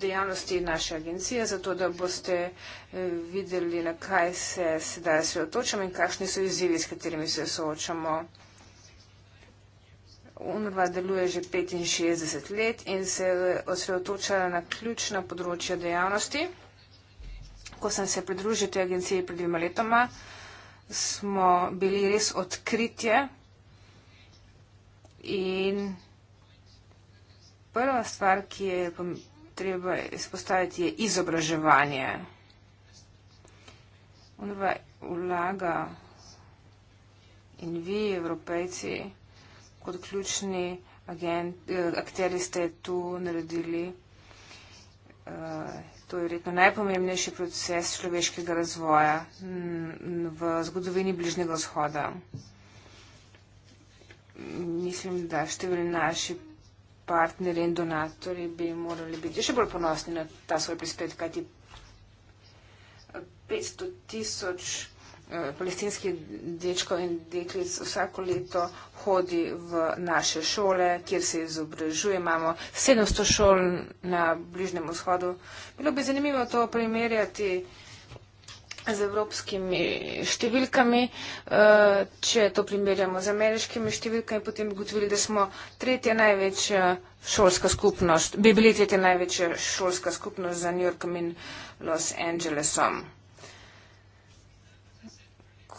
dejavnosti naše agencije, zato da boste uh, videli, na kaj se sedaj sredotočamo in kakšni so izzivi, s katerimi se soočamo. UNRWA deluje že 65 let in se osredotoča na ključna področja dejavnosti ko sem se pridružil tej agenciji pred dvima letoma, smo bili res odkritje. In prva stvar, ki je treba izpostaviti, je izobraževanje. Unova vlaga in vi, evropejci, kot ključni agent, eh, akteri ste tu naredili. Uh, to je verjetno najpomembnejši proces človeškega razvoja v zgodovini Bližnjega vzhoda. Mislim, da številni naši partneri in donatori bi morali biti še bolj ponosni na ta svoj prispevek, kajti 500 tisoč 000 palestinskih dečkov in deklic vsako leto hodi v naše šole, kjer se izobražuje. Imamo 700 šol na Bližnem vzhodu. Bilo bi zanimivo to primerjati z evropskimi številkami. Eh, če to primerjamo z ameriškimi številkami, potem bi gotovili, da smo tretja največja šolska skupnost, bi bili tretja največja šolska skupnost za New Yorkom in Los Angelesom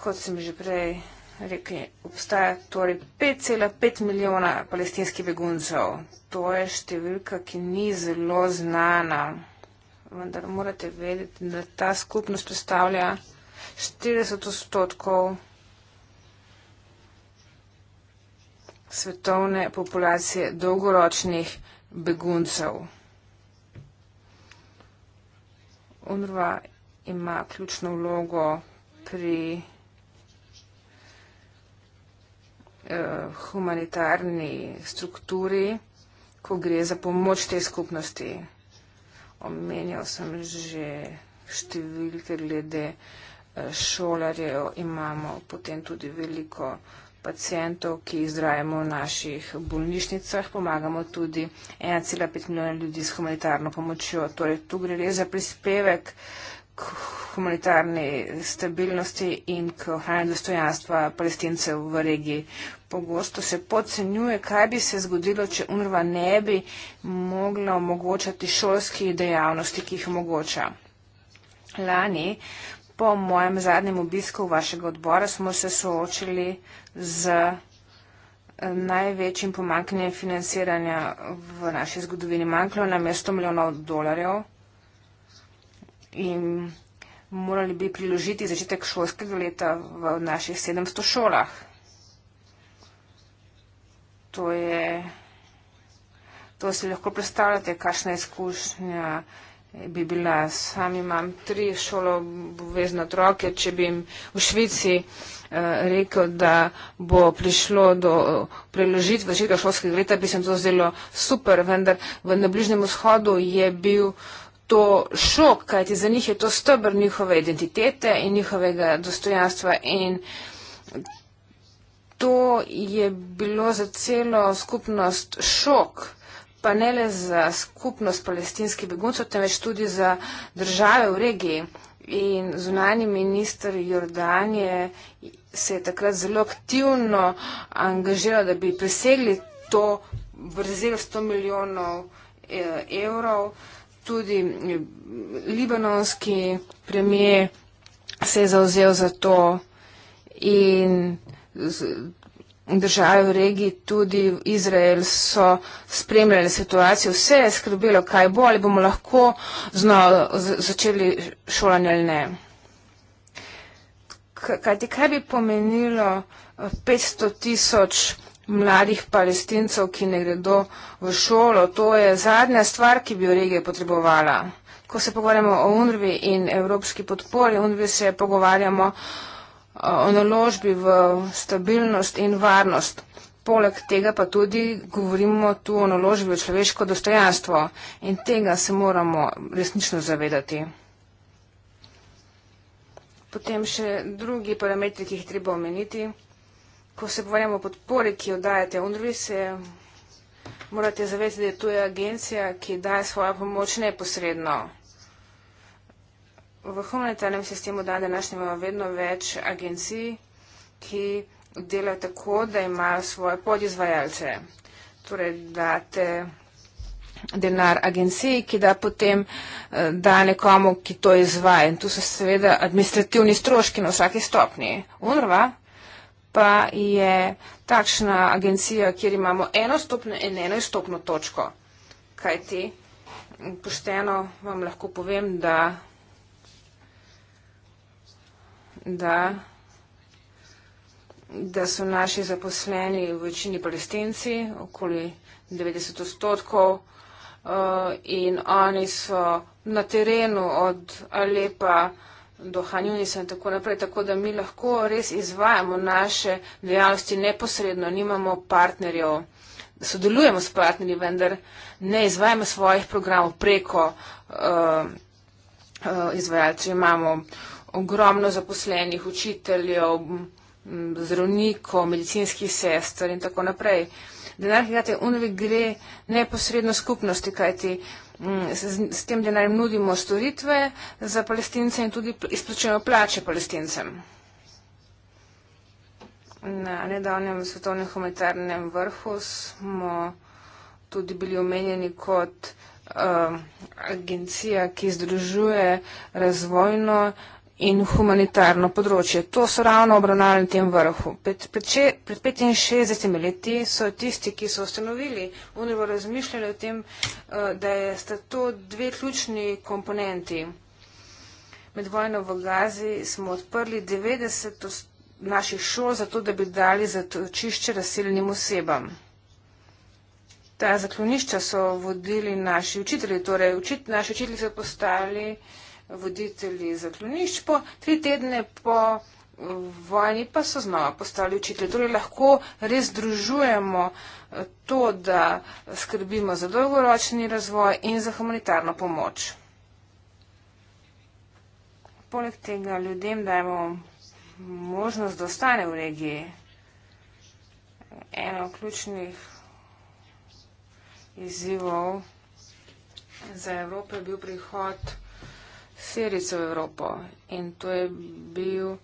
kot sem že prej rekel, obstaja torej 5,5 milijona palestinskih beguncev. To je številka, ki ni zelo znana. Vendar morate vedeti, da ta skupnost predstavlja 40 odstotkov svetovne populacije dolgoročnih beguncev. UNRWA ima ključno vlogo pri eh, humanitarni strukturi, ko gre za pomoč tej skupnosti. Omenjal sem že številke glede eh, šolarjev, imamo potem tudi veliko pacijentov, ki jih zdravimo v naših bolnišnicah, pomagamo tudi 1,5 milijona ljudi s humanitarno pomočjo. Torej, tu gre res za prispevek eh, k humanitarni stabilnosti in k ohranjanju dostojanstva palestincev v regiji. Pogosto se podcenjuje, kaj bi se zgodilo, če UNRWA ne bi mogla omogočati šolskih dejavnosti, ki jih omogoča. Lani, po mojem zadnjem obisku vašega odbora, smo se soočili z eh, največjim pomanjkanjem financiranja v naši zgodovini. Manjkalo nam je 100 milijonov dolarjev in morali bi priložiti začetek šolskega leta v naših 700 šolah. To je, to si lahko predstavljate, kakšna izkušnja bi bila. Sam imam tri šolo obvezne otroke, če bi jim v Švici eh, rekel, da bo prišlo do preložitve začetka šolskega leta, bi se to zelo super, vendar v nabližnem vzhodu je bil uh, to šok, kajti za njih je to stebr njihove identitete in njihovega dostojanstva. In to je bilo za celo skupnost šok, pa ne le za skupnost palestinskih beguncev, temveč tudi za države v regiji. In zunani minister Jordanije se je takrat zelo aktivno angažiral, da bi presegli to vrzel 100 milijonov eh, evrov tudi eh, libanonski premijer se je zauzel za to in države v regiji, tudi Izrael so spremljali situacijo, vse je skrbelo, kaj bo, ali bomo lahko znova začeli šolanje ali ne. Kaj, kaj bi pomenilo 500 eh, tisoč mladih palestincev, ki ne gredo v šolo. To je zadnja stvar, ki bi jo regija potrebovala. Ko se pogovarjamo o UNRVI in evropski podpori, UNRVI se pogovarjamo eh, o naložbi v stabilnost in varnost. Poleg tega pa tudi govorimo tu o naložbi v človeško dostojanstvo in tega se moramo resnično zavedati. Potem še drugi parametri, ki jih treba omeniti ko se pogovarjamo o podpori, ki jo dajete, on drugi se morate zavedati, da je to je agencija, ki daje svojo pomoč neposredno. V humanitarnem sistemu da današnje imamo vedno več agencij, ki delajo tako, da imajo svoje podizvajalce. Torej, date denar agenciji, ki da potem eh, da nekomu, ki to izvaja. In tu so seveda administrativni stroški na vsaki stopni. UNRWA pa je takšna agencija, kjer imamo eno stopno in eno izstopno točko. Kaj ti? Pošteno vam lahko povem, da, da, da so naši zaposleni v večini palestinci, okoli 90 odstotkov, eh, in oni so na terenu od Alepa dohanjuni se in tako naprej, tako da mi lahko res izvajamo naše dejavnosti neposredno, nimamo partnerjev, sodelujemo s partnerji, vendar ne izvajamo svojih programov preko uh, uh, izvajalcev. Imamo ogromno zaposlenih učiteljev, zdravnikov, medicinskih sester in tako naprej. Denar, ki ga te unovi, gre neposredno skupnosti, kajti uh, Mm, s, s tem denarjem nudimo storitve za palestince in tudi izplačujemo plače palestincem. Na nedavnem svetovnem humanitarnem vrhu smo tudi bili omenjeni kot uh, agencija, ki združuje razvojno uh, in humanitarno področje. To so ravno obravnavali na tem vrhu. Pred, pred, če, pred 65 leti so tisti, ki so ustanovili UNRWA, razmišljali o tem, eh, da sta to dve ključni komponenti. Med vojno v Gazi smo odprli 90 naših šol za to, da bi dali zatočišče razseljenim osebam. Ta zaklonišča so vodili naši učitelji, torej učit, naši učitelji so postali uh, voditelji zaklonišč, po tri tedne po eh, vojni pa so znova postali učitelji. Torej lahko res združujemo eh, to, da skrbimo za dolgoročni razvoj in za humanitarno pomoč. Poleg tega ljudem dajemo možnost, da ostane v regiji. Eno od ključnih izzivov za Evropo je bil prihod Ferico v Evropo in to je bil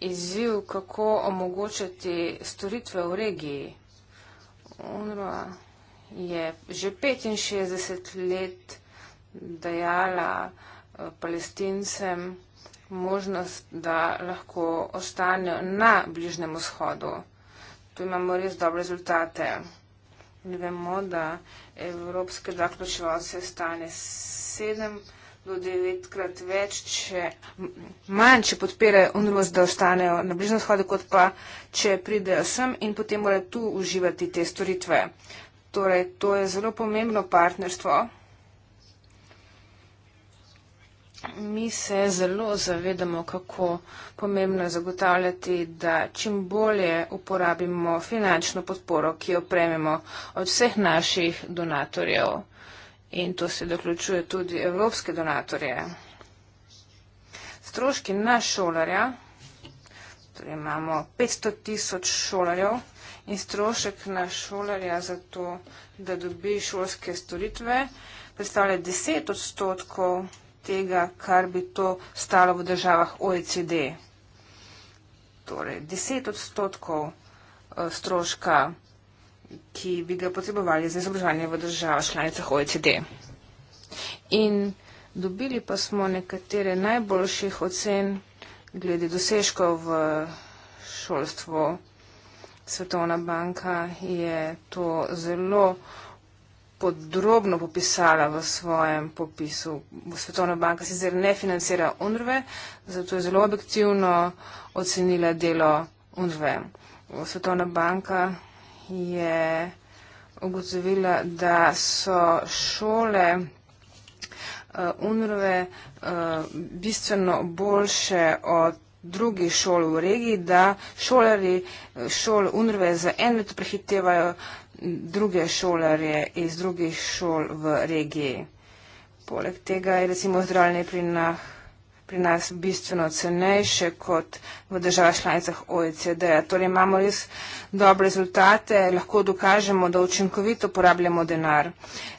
izziv, kako omogočati storitve v regiji. UNRWA je že 65 let dajala eh, palestincem možnost, da lahko ostanejo na Bližnem vzhodu. Tu imamo res dobre rezultate. Vemo, da evropske zaključevalce stane 7 let do devetkrat več, če manj, če podpirajo UNRWA, da ostanejo na bližnjem shodu, kot pa če pridejo sem in potem morajo tu uživati te storitve. Torej, to je zelo pomembno partnerstvo. Mi se zelo zavedamo, kako pomembno je zagotavljati, da čim bolje uporabimo finančno podporo, ki jo prejmemo od vseh naših donatorjev in to se doključuje tudi evropske donatorje. Stroški na šolarja, torej imamo 500 tisoč šolarjev in strošek na šolarja za to, da dobi šolske storitve, predstavlja 10 odstotkov tega, kar bi to stalo v državah OECD. Torej, 10 odstotkov eh, stroška ki bi ga potrebovali za izobraževanje v državah članicah OECD. In dobili pa smo nekatere najboljših ocen glede dosežkov v šolstvu. Svetovna banka je to zelo podrobno popisala v svojem popisu. Svetovna banka sicer ne financira UNRVE, zato je zelo objektivno ocenila delo UNRVE. Svetovna banka je ugotovila, da so šole eh, UNRVE eh, bistveno boljše od drugih šol v regiji, da šolari eh, šol UNRVE za en leto prehitevajo druge šolarje iz drugih šol v regiji. Poleg tega je recimo zdravljenje pri nah pri nas bistveno cenejše kot v državah članicah OECD. Torej imamo res dobre rezultate, lahko dokažemo, da učinkovito porabljamo denar.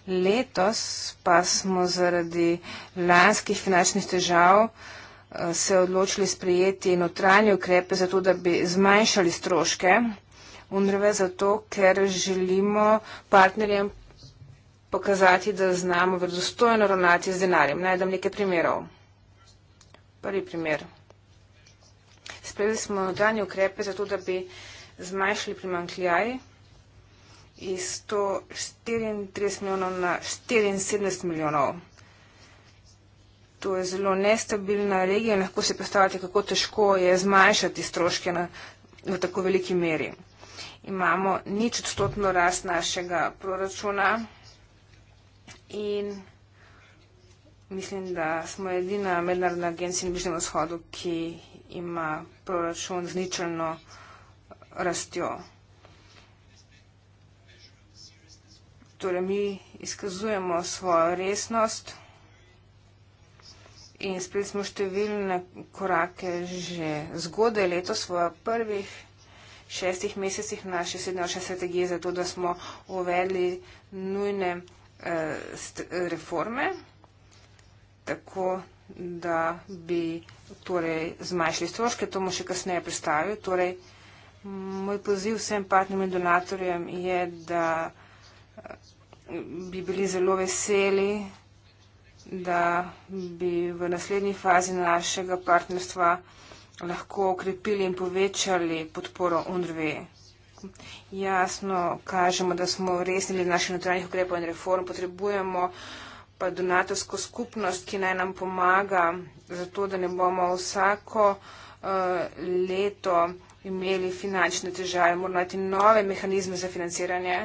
Letos pa smo zaradi lanskih finančnih težav eh, se odločili sprejeti notranje ukrepe za to, da bi zmanjšali stroške. UNRVE zato, ker želimo partnerjem pokazati, da znamo verodostojno ravnati z denarjem. Najdem nekaj primerov. Prvi primer. Sprejeli smo notranje ukrepe za to, da bi zmanjšali primankljaj iz 134 milijonov na 74 milijonov. To je zelo nestabilna regija in lahko se predstavljate, kako težko je zmanjšati stroške na, na tako veliki meri. Imamo nič odstotno rast našega proračuna in Mislim, da smo edina mednarodna agencija na Bližnjem vzhodu, ki ima proračun z ničelno rastjo. Torej, mi izkazujemo svojo resnost in spet smo številne korake že zgodaj letos v prvih šestih mesecih naše srednjoče strategije za to, da smo uvedli nujne eh, reforme tako da bi torej, zmanjšali stroške, to bomo še kasneje predstavili. Torej, moj poziv vsem partnerjem in donatorjem je, da bi bili zelo veseli, da bi v naslednji fazi našega partnerstva lahko okrepili in povečali podporo UNRWE. Jasno kažemo, da smo resni glede naših notranjih ukrepov in reform, potrebujemo pa donatorsko skupnost, ki naj nam pomaga, zato da ne bomo vsako uh, leto imeli finančne težave, moramo najti nove mehanizme za financiranje.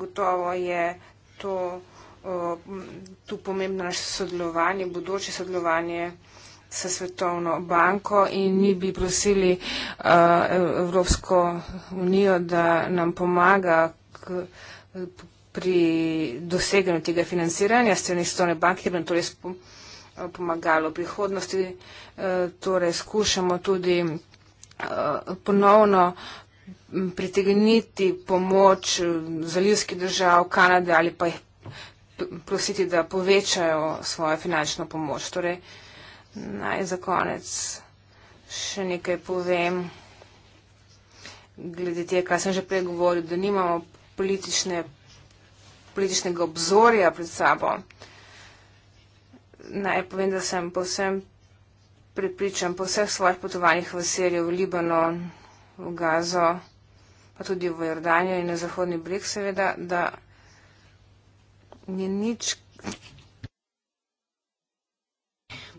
Gotovo je to uh, tu pomembno naše sodelovanje, bodoče sodelovanje s Svetovno banko in mi bi prosili uh, Evropsko unijo, da nam pomaga k, k, pri doseganju tega financiranja strani stone banke, ki nam torej pomagalo v prihodnosti. Eh, torej skušamo tudi eh, ponovno pritegniti pomoč eh, zalivskih držav Kanade ali pa jih prositi, da povečajo svojo finančno pomoč. Torej, naj za konec še nekaj povem glede tega, kar sem že prej govoril, da nimamo politične političnega obzorja pred sabo. Naj povem, da sem povsem pripričan po vseh svojih potovanjih v Sirijo, v Libanon, v Gazo, pa tudi v Jordanijo in na Zahodni breg, seveda, da ni nič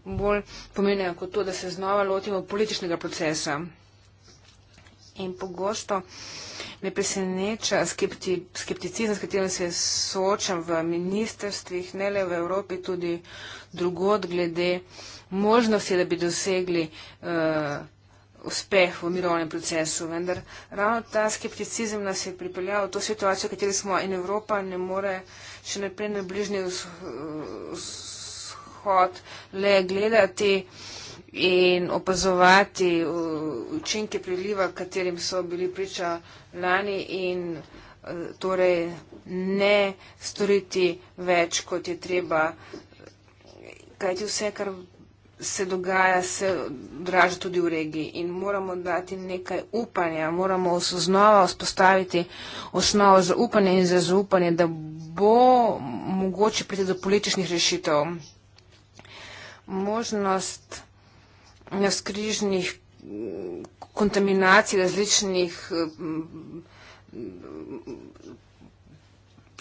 bolj pomenijo kot to, da se znova lotimo političnega procesa in pogosto me preseneča skepti, skepticizem, s katerim se soočam v ministerstvih, ne le v Evropi, tudi drugod glede možnosti, da bi dosegli uh, uspeh v mirovnem procesu. Vendar ravno ta skepticizem nas je pripeljal v to situacijo, v kateri smo in Evropa ne more še naprej na bližnji vzhod kot le gledati in opazovati učinke priliva, katerim so bili priča lani in e, torej ne storiti več, kot je treba, kajti vse, kar se dogaja, se draža tudi v regiji in moramo dati nekaj upanja, moramo znova vzpostaviti osnovo za upanje in za zaupanje, da bo mogoče priti do političnih rešitev možnost skrižnih kontaminacij različnih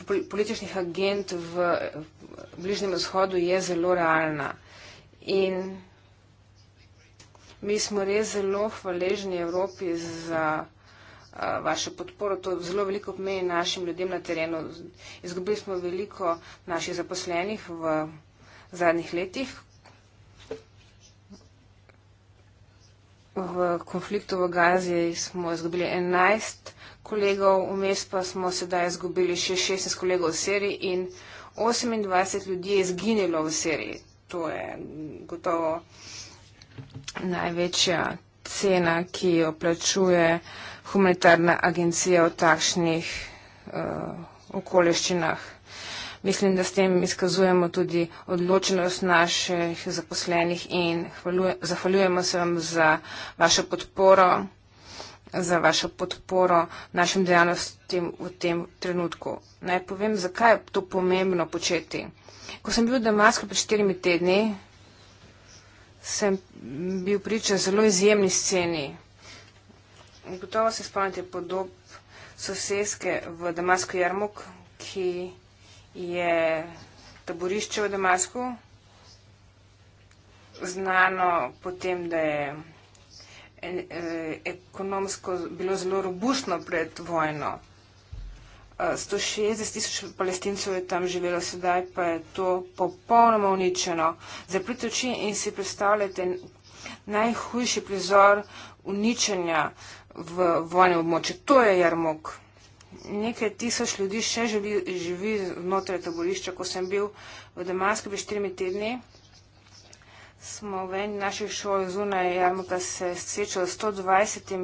eh, političnih agent v Bližnjem vzhodu je zelo realna. In mi smo res zelo hvaležni Evropi za eh, vašo podporo. To zelo veliko pomeni našim ljudem na terenu. Izgubili smo veliko naših zaposlenih v zadnjih letih, v konfliktu v Gazi smo izgubili 11 kolegov, vmes pa smo sedaj izgubili še 16 kolegov v Siriji in 28 ljudi je izginilo v Siriji. To je gotovo največja cena, ki jo plačuje humanitarna agencija v takšnih uh, okoliščinah. Mislim, da s tem izkazujemo tudi odločenost naših zaposlenih in hvaljujemo, zahvaljujemo se vam za vašo podporo za vašo podporo našim dejavnostim v tem trenutku. Naj povem, zakaj je to pomembno početi. Ko sem bil v Damasku pred štirimi tedni, sem bil priča zelo izjemni sceni. Gotovo se spomnite podob soseske v Damasku Jarmuk, ki je taborišče v Damasku, znano potem, da je e, ekonomsko bilo zelo robustno pred vojno. 160 e, tisoč palestincev je tam živelo, sedaj pa je to popolnoma uničeno. Zaprite oči in si predstavljate najhujši prizor uničenja v vojnem območju. To je Jarmok nekaj tisoč ljudi še živi, živi znotraj taborišča. Ko sem bil v Damasku pred štirimi tedni, smo v eni naših šol zunaj Jarmuka se srečali s 120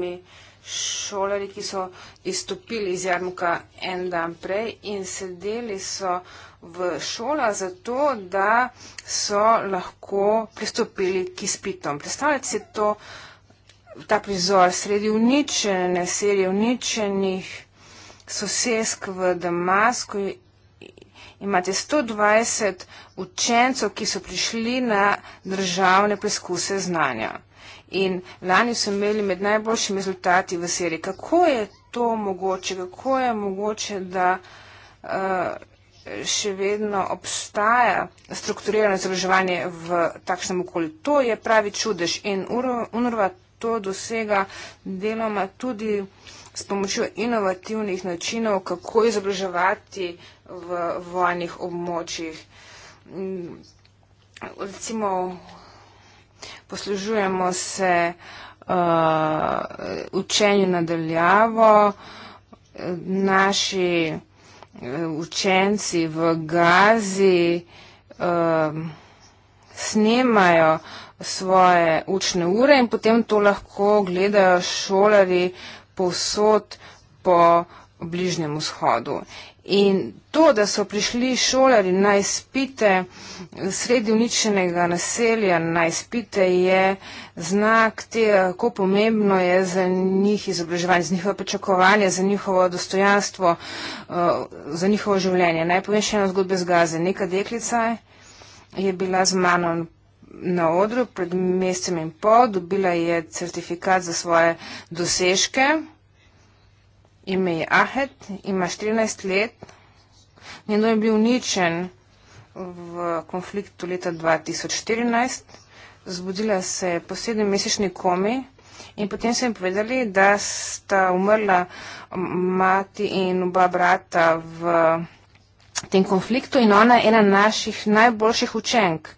šolarji, ki so izstopili iz Jarmuka en dan prej in sedeli so v šola zato, da so lahko pristopili k izpitom. Predstavljate si to, ta prizor sredi uničene serije, uničenih sosesk v Damasku imate 120 učencev, ki so prišli na državne preskuse znanja. In lani so imeli med najboljšimi rezultati v seriji. Kako je to mogoče? Kako je mogoče, da uh, še vedno obstaja strukturirano izobraževanje v takšnem okolju? To je pravi čudež. In UNRWA to dosega deloma tudi uh, s pomočjo inovativnih načinov, kako izobraževati v vojnih območjih. Mm, recimo, poslužujemo se uh, učenju nadaljavo, naši uh, učenci v Gazi uh, um, snemajo svoje učne ure in potem to lahko gledajo šolari uh, povsod po bližnjem vzhodu. In to, da so prišli šolari na izpite sredi uničenega naselja na izpite, je znak tega, kako pomembno je za njih izobraževanje, za njihove pričakovanje, za njihovo dostojanstvo, eh, za njihovo življenje. Najpomembnejša je zgodba z Gaze. Neka deklica je bila z mano na odru pred mesecem in pol, dobila je certifikat za svoje dosežke. Ime je Ahed, ima 14 let. Njeno je bil uničen v konfliktu leta 2014. Zbudila se je po sedem mesečni komi in potem so jim povedali, da sta umrla mati in oba brata v tem konfliktu in ona je ena naših najboljših učenk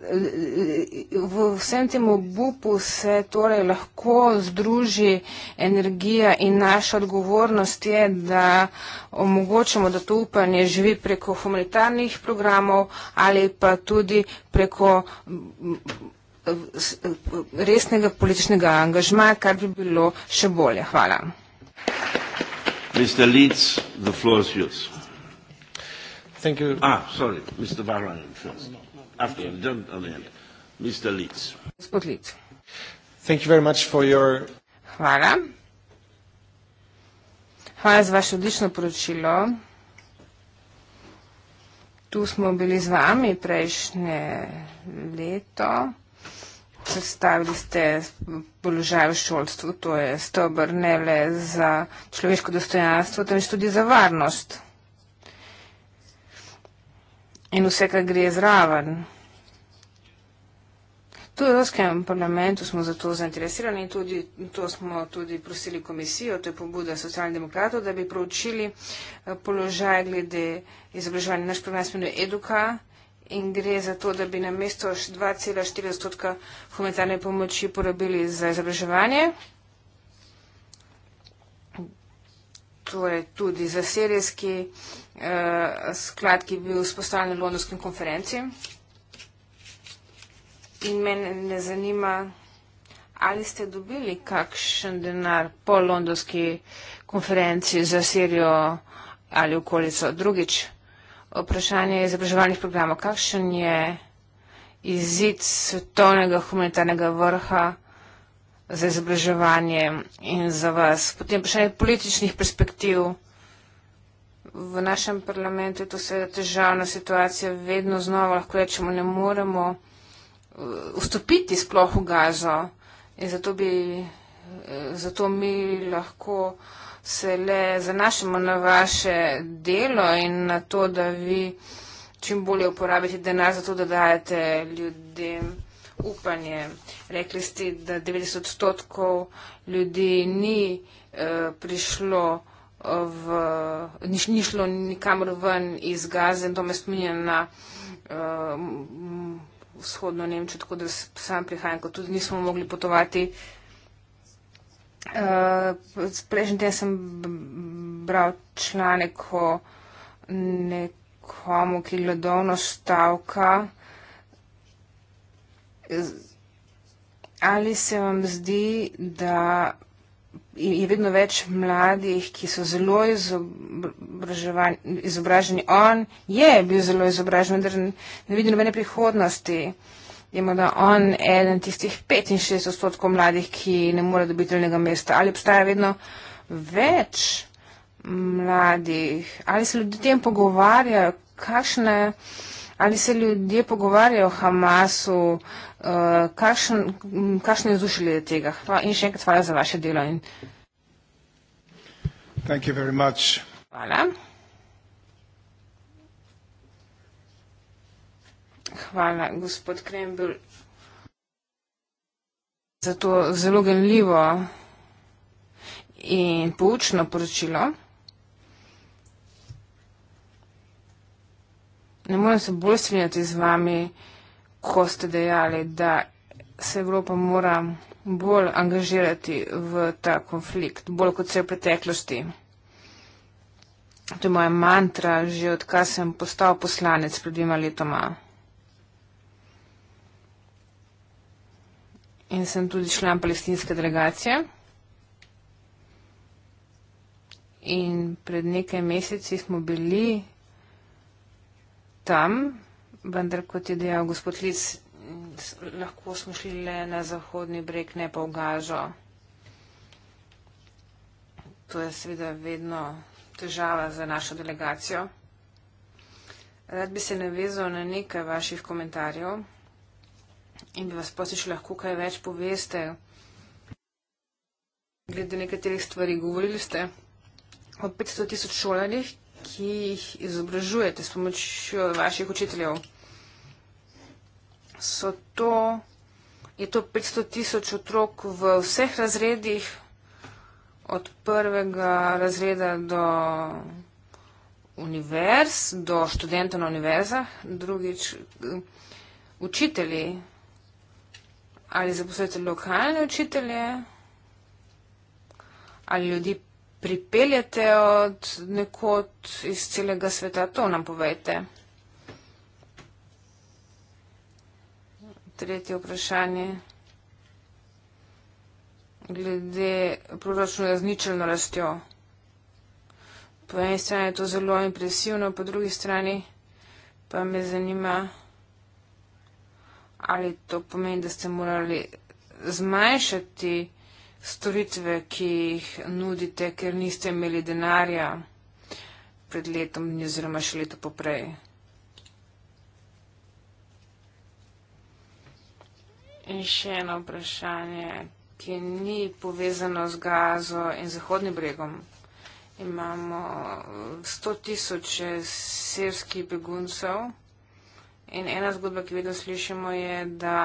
v vsem tem obupu se torej lahko združi energija in naša odgovornost je, da omogočamo, da to upanje živi preko humanitarnih programov ali pa tudi preko mm, resnega političnega angažma, kar bi bilo še bolje. Hvala. Mr. Leeds, the floor is yours. Thank you. Ah, sorry, Mr. Barron first after you've done on the end. Mr. Leeds. Mr. Leeds. Thank you very much for your... Hvala. Hvala za vaše odlično poročilo. Tu smo bili z vami prejšnje leto. Sestavili ste položaj v šolstvu, to je stobr ne le za človeško dostojanstvo, temveč tudi za varnost in vse, kar gre zraven. Tu v Evropskem parlamentu smo zato zainteresirani in tudi to smo tudi prosili komisijo, to je pobuda socialnih demokratov, da bi proučili eh, položaj glede izobraževanja. Naš program se imenuje Eduka in gre za to, da bi na mesto 2,4 odstotka humanitarne pomoči porabili za izobraževanje. To je tudi za serijski. Uh, eh, sklad, ki je bil vzpostavljen na londonskem konferenci. In meni ne zanima, ali ste dobili kakšen denar po londonski konferenci za Sirijo ali okolico. Drugič, vprašanje izobraževalnih programov. Kakšen je izid svetovnega humanitarnega vrha za izobraževanje in za vas? Potem vprašanje političnih perspektiv v našem parlamentu je to seveda težavna situacija, vedno znova lahko rečemo, ne moremo eh, vstopiti sploh v gazo in zato, bi, eh, zato mi lahko se le zanašamo na vaše delo in na to, da vi čim bolje uporabite denar za to, da dajete ljudem upanje. Rekli ste, da 90 odstotkov ljudi ni eh, prišlo v, ni, ni šlo nikamor ven iz Gaze in to me spominja na uh, vzhodno Nemčijo, tako da sam prihajam, kot tudi nismo mogli potovati. Uh, Prejšnji teden sem bral članek o nekomu, ki je gledovno stavka. Ali se vam zdi, da je vedno več mladih, ki so zelo izobraženi. On je bil zelo izobražen, vendar ne vidi nobene prihodnosti. Vemo, da on je eden tistih 65 odstotkov mladih, ki ne more dobiti delnega mesta. Ali obstaja vedno več mladih? Ali se ljudje o tem pogovarjajo? Kakšne? ali se ljudje pogovarjajo o Hamasu, eh, kakšne zušile je tega. In še enkrat hvala za vaše delo. Hvala. Hvala, gospod Krembel, za to zelo genljivo in poučno poročilo. ne morem se bolj strinjati z vami, ko ste dejali, da se Evropa mora bolj angažirati v ta konflikt, bolj kot se v preteklosti. To je moja mantra, že odkar sem postal poslanec pred dvima letoma. In sem tudi član palestinske delegacije. In pred nekaj meseci smo bili tam, vendar, kot je dejal gospod Lic, lahko smo šli le na zahodni breg, ne pa v Gažo. To je seveda vedno težava za našo delegacijo. Rad bi se navezal na nekaj vaših komentarjev in bi vas prosil, če lahko kaj več poveste. Glede nekaterih stvari govorili ste o 500 tisoč šolarjih, ki jih izobražujete s pomočjo vaših učiteljev. So to, je to 500 tisoč otrok v vseh razredih, od prvega razreda do univerz, do študenta na univerzah, drugič učitelji ali zaposlujete lokalne učitelje ali ljudi pripeljete od nekod iz celega sveta, to nam povejte. Tretje vprašanje. Glede proračuna z ničelno rastjo. Po eni strani je to zelo impresivno, po drugi strani pa me zanima, ali to pomeni, da ste morali zmanjšati proračuna storitve, ki jih nudite, ker niste imeli denarja pred letom dni oziroma še leto poprej. In še eno vprašanje, ki ni povezano z Gazo in Zahodnim bregom. Imamo 100 tisoče serskih beguncev in ena zgodba, ki vedno slišimo, je, da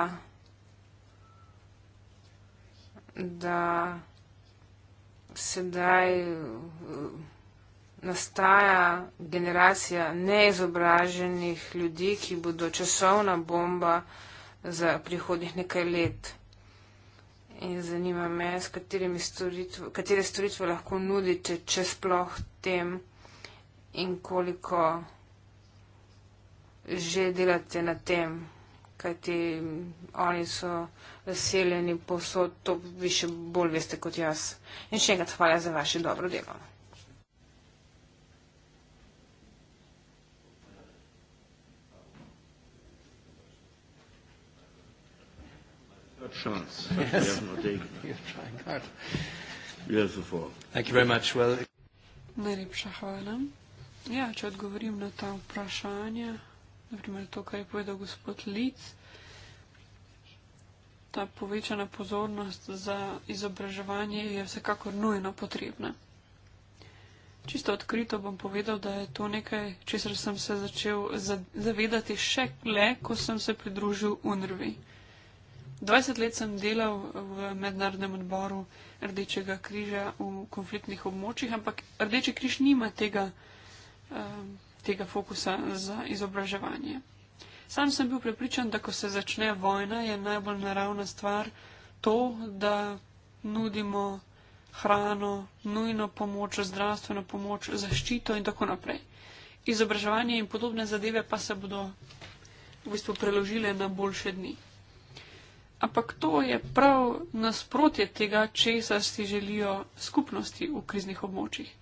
da sedaj uh, nastaja generacija neizobraženih ljudi, ki bodo časovna bomba za prihodnih nekaj let. In zanima me, storitve, katere storitve lahko nudite, če sploh tem in koliko že delate na tem, kajti oni so razseljeni posod, to vi še bolj veste kot jaz. In še enkrat hvala za vaše dobro delo. Najlepša hvala. Ja, če odgovorim na ta vprašanja, naprimer to, kar je povedal gospod Lic ta povečana pozornost za izobraževanje je vsekakor nujno potrebna. Čisto odkrito bom povedal, da je to nekaj, česar sem se začel zavedati še le, ko sem se pridružil UNRVI. 20 let sem delal v mednarodnem odboru Rdečega križa v konfliktnih območjih, ampak Rdeči križ nima tega, eh, tega fokusa za izobraževanje. Sam sem bil prepričan, da ko se začne vojna, je najbolj naravna stvar to, da nudimo hrano, nujno pomoč, zdravstveno pomoč, zaščito in tako naprej. Izobraževanje in podobne zadeve pa se bodo v bistvu preložile na boljše dni. Ampak to je prav nasprotje tega, česar si želijo skupnosti v kriznih območjih.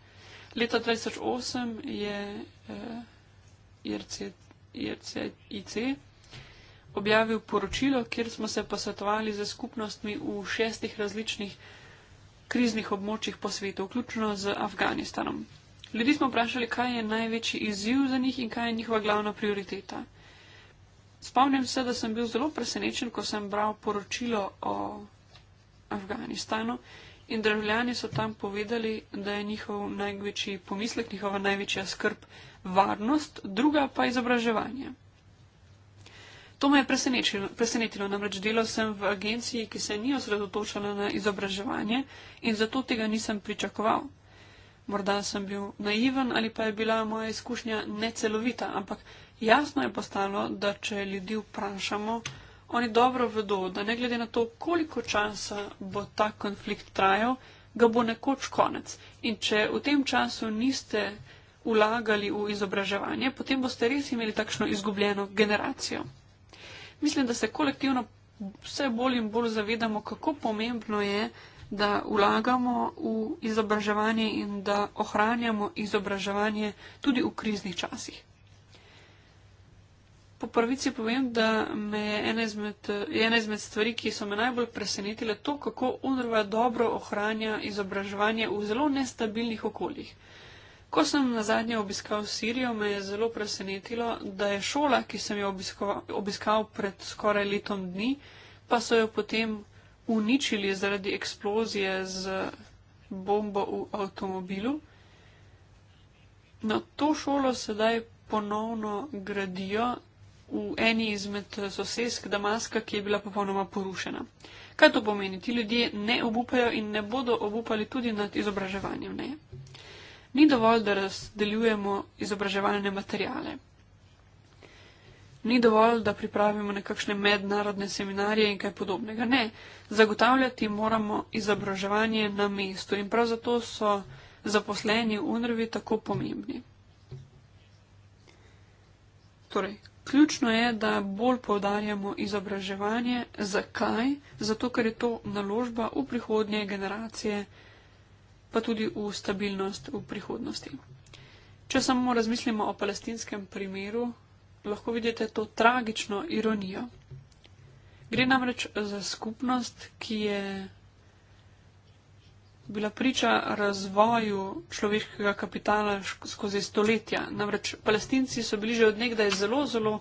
Leta 2008 je, je eh, RCT IRCIC objavil poročilo, kjer smo se posvetovali z skupnostmi v šestih različnih kriznih območjih po svetu, vključno z Afganistanom. Ljudi smo vprašali, kaj je največji izziv za njih in kaj je njihova glavna prioriteta. Spomnim se, da sem bil zelo presenečen, ko sem bral poročilo o Afganistanu in državljani so tam povedali, da je njihov največji pomislek, njihova največja skrb varnost, druga pa izobraževanje. To me je presenetilo, presenetilo. namreč delal sem v agenciji, ki se ni osredotočala na izobraževanje in zato tega nisem pričakoval. Morda sem bil naiven ali pa je bila moja izkušnja necelovita, ampak jasno je postalo, da če ljudi vprašamo, oni dobro vedo, da ne glede na to, koliko časa bo ta konflikt trajal, ga bo nekoč konec. In če v tem času niste vlagali v izobraževanje, potem boste res imeli takšno izgubljeno generacijo. Mislim, da se kolektivno vse bolj in bolj zavedamo, kako pomembno je, da vlagamo v izobraževanje in da ohranjamo izobraževanje tudi v kriznih časih. Po prvici povem, da me je ena izmed, ena izmed stvari, ki so me najbolj presenetile, to, kako UNRWA dobro ohranja izobraževanje v zelo nestabilnih okoljih. Ko sem na zadnje obiskal Sirijo, me je zelo presenetilo, da je šola, ki sem jo obiskal, obiskal pred skoraj letom dni, pa so jo potem uničili zaradi eksplozije z bombo v avtomobilu. Na to šolo sedaj ponovno gradijo v eni izmed sosesk Damaska, ki je bila popolnoma porušena. Kaj to pomeni? Ti ljudje ne obupajo in ne bodo obupali tudi nad izobraževanjem. Ne? ni dovolj, da razdeljujemo izobraževalne materijale. Ni dovolj, da pripravimo nekakšne mednarodne seminarije in kaj podobnega. Ne, zagotavljati moramo izobraževanje na mestu in prav zato so zaposleni v UNRVI tako pomembni. Torej, ključno je, da bolj povdarjamo izobraževanje. Zakaj? Zato, ker je to naložba v prihodnje generacije pa tudi v stabilnost v prihodnosti. Če samo razmislimo o palestinskem primeru, lahko vidite to tragično ironijo. Gre namreč za skupnost, ki je bila priča razvoju človeškega kapitala skozi stoletja. Namreč palestinci so bili že od nekdaj zelo, zelo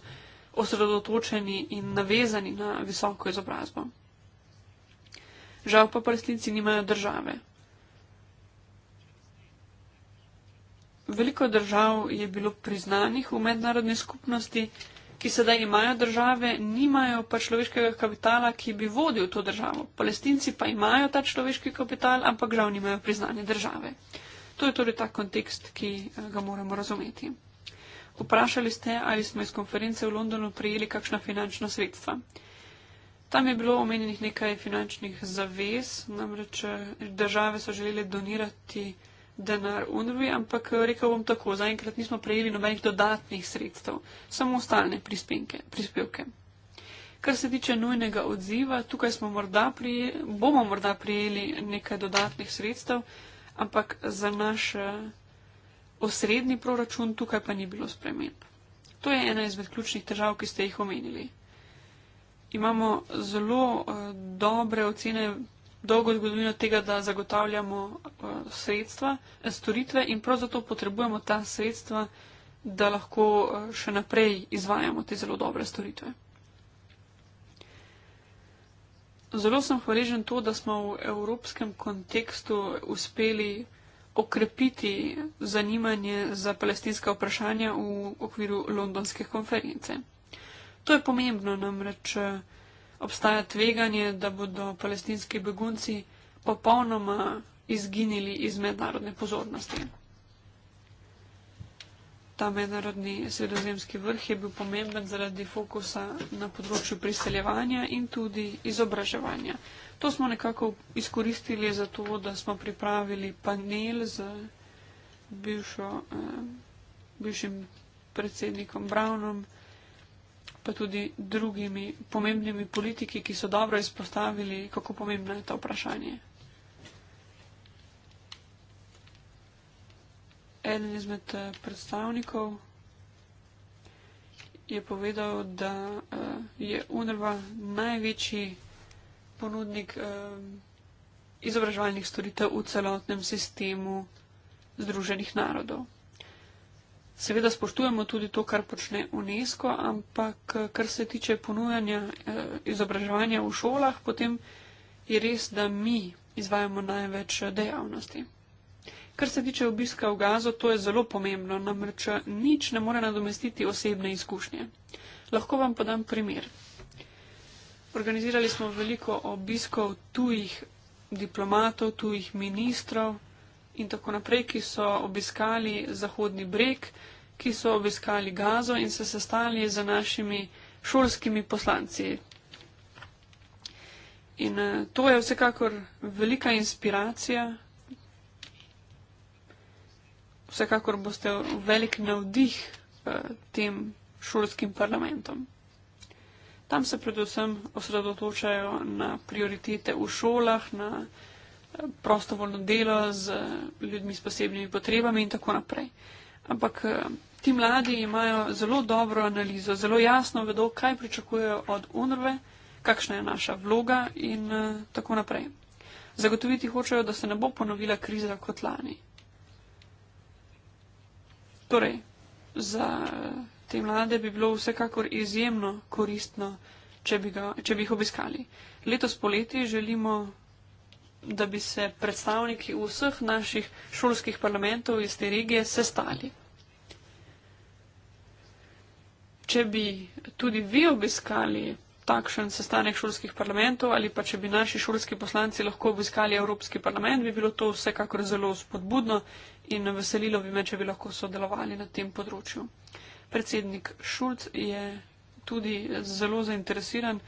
osredotočeni in navezani na visoko izobrazbo. Žal pa palestinci nimajo države, veliko držav je bilo priznanih v mednarodni skupnosti, ki sedaj imajo države, nimajo pa človeškega kapitala, ki bi vodil to državo. Palestinci pa imajo ta človeški kapital, ampak žal nimajo priznane države. To je torej ta kontekst, ki eh, ga moramo razumeti. Vprašali ste, ali smo iz konference v Londonu prijeli kakšna finančna sredstva. Tam je bilo omenjenih nekaj finančnih zavez, namreč eh, države so želeli donirati denar UNRWA, ampak eh, rekel bom tako, zaenkrat nismo prejeli nobenih dodatnih sredstev, samo ostalne prispevke. Kar se tiče nujnega odziva, tukaj morda prijeli, bomo morda prejeli nekaj dodatnih sredstev, ampak za naš eh, osrednji proračun tukaj pa ni bilo sprememb. To je ena izmed ključnih težav, ki ste jih omenili. Imamo zelo eh, dobre ocene dolgo zgodovino tega, da zagotavljamo eh, sredstva, eh, storitve in prav zato potrebujemo ta sredstva, da lahko eh, še naprej izvajamo te zelo dobre storitve. Zelo sem hvaležen to, da smo v evropskem kontekstu uspeli okrepiti zanimanje za palestinska vprašanja v okviru londonske konference. To je pomembno namreč obstaja tveganje, da bodo palestinski begunci popolnoma izginili iz mednarodne pozornosti. Ta mednarodni sredozemski vrh je bil pomemben zaradi fokusa na področju priseljevanja in tudi izobraževanja. To smo nekako izkoristili za to, da smo pripravili panel z bivšo, eh, bivšim predsednikom Brownom pa tudi drugimi pomembnimi politiki, ki so dobro izpostavili, kako pomembno je to vprašanje. Eden izmed eh, predstavnikov je povedal, da eh, je UNRWA največji ponudnik eh, izobraževalnih storitev v celotnem sistemu Združenih narodov. Seveda spoštujemo tudi to, kar počne UNESCO, ampak eh, kar se tiče ponujanja eh, izobraževanja v šolah, potem je res, da mi izvajamo največ eh, dejavnosti. Kar se tiče obiska v gazo, to je zelo pomembno, namreč nič ne more nadomestiti osebne izkušnje. Lahko vam podam primer. Organizirali smo veliko obiskov tujih diplomatov, tujih ministrov in tako naprej, ki so obiskali Zahodni breg ki so obiskali Gazo in se sestali z našimi šolskimi poslanci. In eh, to je vsekakor velika inspiracija. Vsekakor boste velik navdih eh, tem šolskim parlamentom. Tam se predvsem osredotočajo na prioritete v šolah, na eh, prostovoljno delo z ljudmi s posebnimi potrebami in tako naprej ampak eh, ti mladi imajo zelo dobro analizo, zelo jasno vedo, kaj pričakujejo od UNRVE, kakšna je naša vloga in eh, tako naprej. Zagotoviti hočejo, da se ne bo ponovila kriza kot lani. Torej, za eh, te mlade bi bilo vsekakor izjemno koristno, če bi, ga, če bi jih obiskali. Letos poleti želimo da bi se predstavniki vseh naših šolskih parlamentov iz te regije sestali. Če bi tudi vi obiskali takšen sestanek šolskih parlamentov ali pa če bi naši šolski poslanci lahko obiskali Evropski parlament, bi bilo to vsekakor zelo spodbudno in veselilo bi me, če bi lahko sodelovali na tem področju. Predsednik Šulc je tudi zelo zainteresiran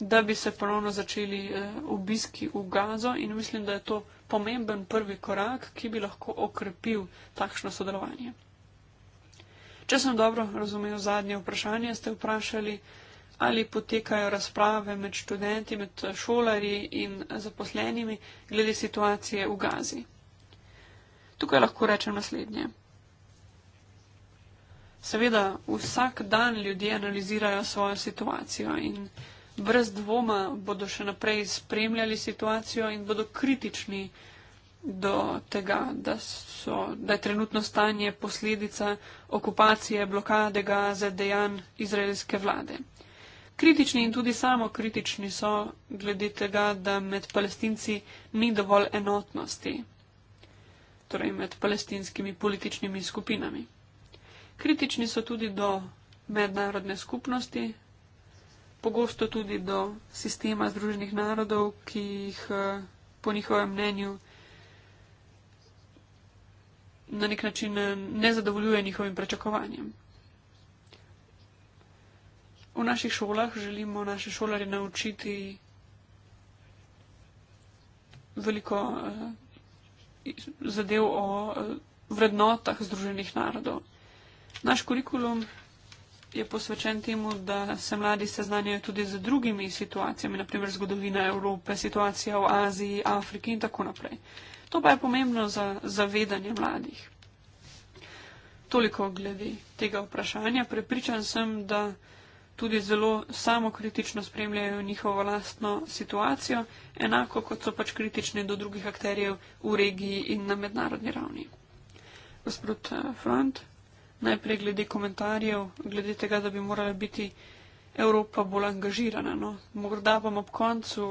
da bi se ponovno začeli eh, obiski v Gazo in mislim, da je to pomemben prvi korak, ki bi lahko okrepil takšno sodelovanje. Če sem dobro razumel zadnje vprašanje, ste vprašali, ali potekajo razprave med študenti, med eh, šolarji in eh, zaposlenimi glede situacije v Gazi. Tukaj lahko rečem naslednje. Seveda, vsak dan ljudje analizirajo svojo situacijo in brez dvoma bodo še naprej spremljali situacijo in bodo kritični do tega, da, so, da je trenutno stanje posledica okupacije, blokade gaze, dejanj izraelske vlade. Kritični in tudi samo kritični so glede tega, da med palestinci ni dovolj enotnosti, torej med palestinskimi političnimi skupinami. Kritični so tudi do mednarodne skupnosti, pogosto tudi do sistema Združenih narodov, ki jih eh, po njihovem mnenju na nek način eh, ne zadovoljuje njihovim prečakovanjem. V naših šolah želimo naše šolarje naučiti veliko eh, zadev o vrednotah Združenih narodov. Naš kurikulum je posvečen temu, da se mladi seznanjajo tudi z drugimi situacijami, naprimer zgodovina Evrope, situacija v Aziji, Afriki in tako naprej. To pa je pomembno za zavedanje mladih. Toliko glede tega vprašanja. Prepričan sem, da tudi zelo samokritično spremljajo njihovo lastno situacijo, enako kot so pač kritični do drugih akterjev v regiji in na mednarodni ravni. Gospod eh, Front. Najprej glede komentarjev, glede tega, da bi morala biti Evropa bolj angažirana. No. Morda bom ob koncu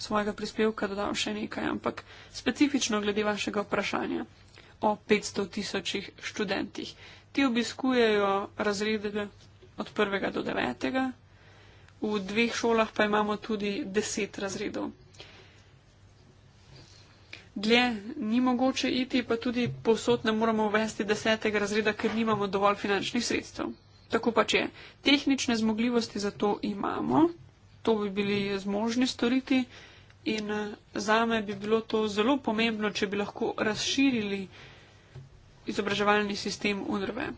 svojega prispevka dodal še nekaj, ampak specifično glede vašega vprašanja o 500 tisočih študentih. Ti obiskujejo razrede od 1. do 9. V dveh šolah pa imamo tudi 10 razredov dlje ni mogoče iti, pa tudi posod ne moramo uvesti desetega razreda, ker nimamo dovolj finančnih sredstev. Tako pa če tehnične zmogljivosti za to imamo, to bi bili zmožni storiti in eh, zame bi bilo to zelo pomembno, če bi lahko razširili izobraževalni sistem UNRVE.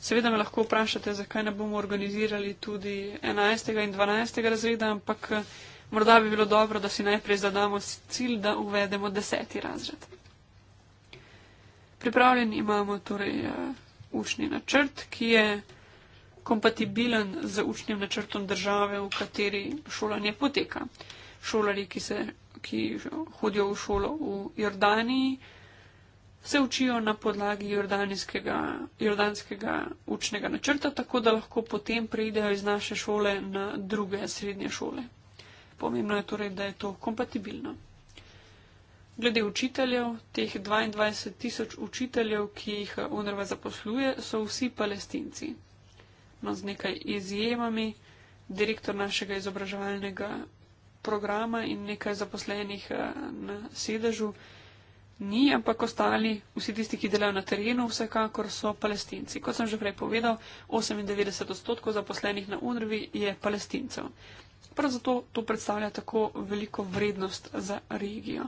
Seveda me lahko vprašate, zakaj ne bomo organizirali tudi 11. in 12. razreda, ampak eh, Morda bi bilo dobro, da si najprej zadamo cilj, da uvedemo deseti razred. Pripravljen imamo torej uh, učni načrt, ki je kompatibilen z učnim načrtom države, v kateri šolanje poteka. Šolari, ki, se, ki hodijo v šolo v Jordaniji, se učijo na podlagi jordanskega učnega načrta, tako da lahko potem pridejo iz naše šole na druge srednje šole. Pomembno je torej, da je to kompatibilno. Glede učiteljev, teh 22 tisoč učiteljev, ki jih UNRWA zaposluje, so vsi palestinci. No, z nekaj izjemami, direktor našega izobraževalnega programa in nekaj zaposlenih eh, na sedežu ni, ampak ostali, vsi tisti, ki delajo na terenu, vsekakor so palestinci. Kot sem že prej povedal, 98 odstotkov zaposlenih na UNRWA je palestincev prav zato to predstavlja tako veliko vrednost za regijo.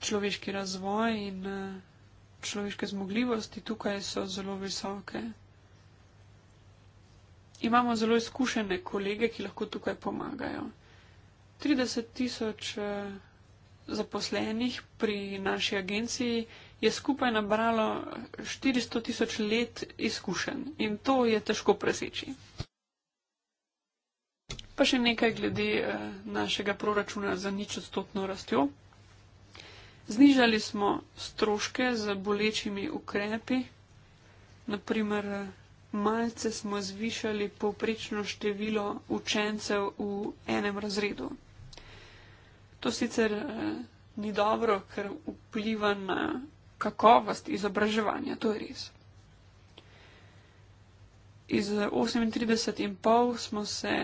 Človeški razvoj in eh, človeške zmogljivosti tukaj so zelo visoke. Imamo zelo izkušene kolege, ki lahko tukaj pomagajo. 30 tisoč eh, zaposlenih pri naši agenciji je skupaj nabralo 400 tisoč let izkušenj in to je težko preseči. Pa še nekaj glede eh, našega proračuna za nič odstotno rastjo. Znižali smo stroške z bolečimi ukrepi, naprimer eh, malce smo zvišali povprečno število učencev v enem razredu. To sicer eh, ni dobro, ker vpliva na kakovost izobraževanja, to je res. Iz 38,5 smo se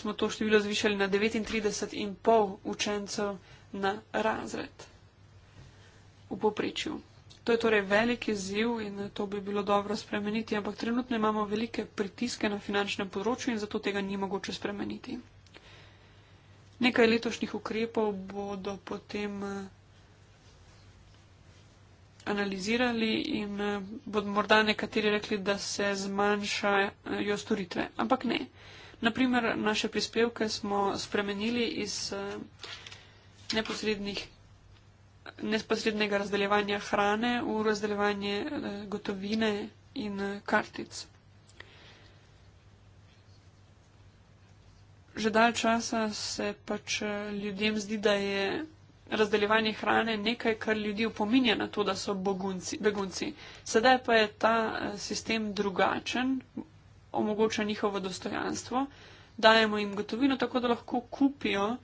smo to število zvišali na 39,5 učencev na razred v poprečju. To je torej veliki ziv in to bi bilo dobro spremeniti, ampak trenutno imamo velike pritiske na finančnem področju in zato tega ni mogoče spremeniti. Nekaj letošnjih ukrepov bodo potem eh, analizirali in eh, bodo morda nekateri rekli, da se zmanjšajo storitve, ampak ne. Naprimer, naše prispevke smo spremenili iz eh, neposrednih neposrednega razdeljevanja hrane v razdeljevanje eh, gotovine in eh, kartic. Že dal časa se pač ljudem zdi, da je razdeljevanje hrane nekaj, kar ljudi upominja na to, da so begunci. Sedaj pa je ta sistem drugačen, omogoča njihovo dostojanstvo, dajemo jim gotovino, tako da lahko kupijo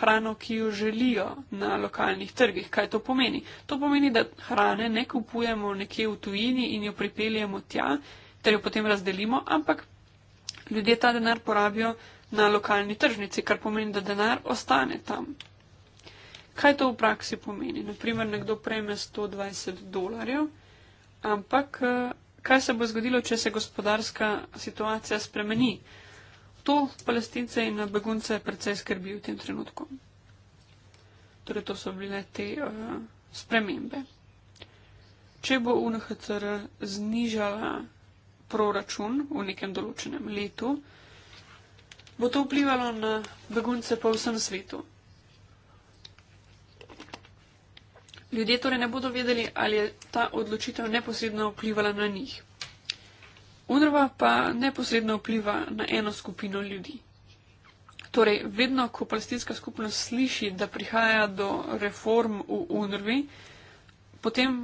hrano, ki jo želijo na lokalnih trgih. Kaj to pomeni? To pomeni, da hrane ne kupujemo nekje v tujini in jo pripeljemo tja, ter jo potem razdelimo, ampak ljudje ta denar porabijo na lokalni tržnici, kar pomeni, da denar ostane tam. Kaj to v praksi pomeni? Naprimer, nekdo prejme 120 dolarjev, ampak eh, kaj se bo zgodilo, če se gospodarska situacija spremeni. To palestince in begunce predvsej skrbi v tem trenutku. Torej, to so bile te uh, spremembe. Če bo UNHCR znižala proračun v nekem določenem letu, bo to vplivalo na begunce po vsem svetu. Ljudje torej ne bodo vedeli, ali je ta odločitev neposredno vplivala na njih. UNRWA pa neposredno vpliva na eno skupino ljudi. Torej, vedno, ko palestinska skupnost sliši, da prihaja do reform v UNRWA, potem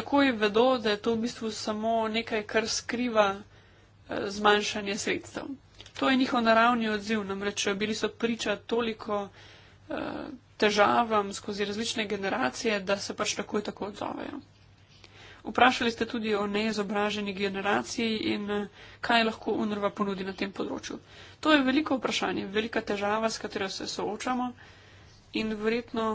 takoj vedo, da je to v bistvu samo nekaj, kar skriva eh, zmanjšanje sredstev. To je njihov naravni odziv, namreč bili so priča toliko. Uh, težavam skozi različne generacije, da se pač takoj tako odzovejo. Vprašali ste tudi o neizobraženi generaciji in eh, kaj lahko UNRVA ponudi na tem področju. To je veliko vprašanje, velika težava, s katero se soočamo in verjetno.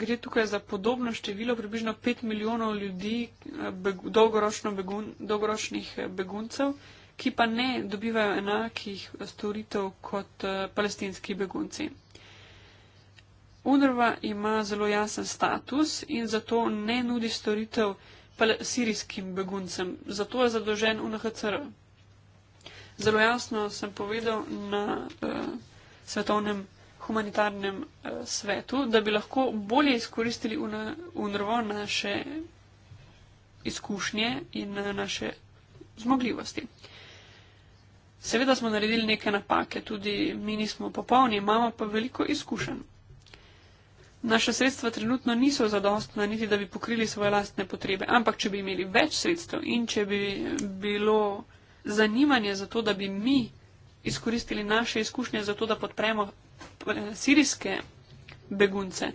Gre tukaj za podobno število, približno 5 milijonov ljudi, eh, begu, dolgoročno begun, dolgoročnih eh, beguncev ki pa ne dobivajo enakih storitev kot eh, palestinski begunci. UNRWA ima zelo jasen status in zato ne nudi storitev sirijskim beguncem. Zato je zadolžen UNHCR. Zelo jasno sem povedal na uh, svetovnem humanitarnem uh, svetu, da bi lahko bolje izkoristili UNRWA naše izkušnje in uh, naše zmogljivosti. Seveda smo naredili neke napake, tudi mi nismo popolni, imamo pa veliko izkušenj. Naša sredstva trenutno niso zadostna, niti da bi pokrili svoje lastne potrebe, ampak če bi imeli več sredstev in če bi bilo zanimanje za to, da bi mi izkoristili naše izkušnje za to, da podpremo eh, sirijske begunce,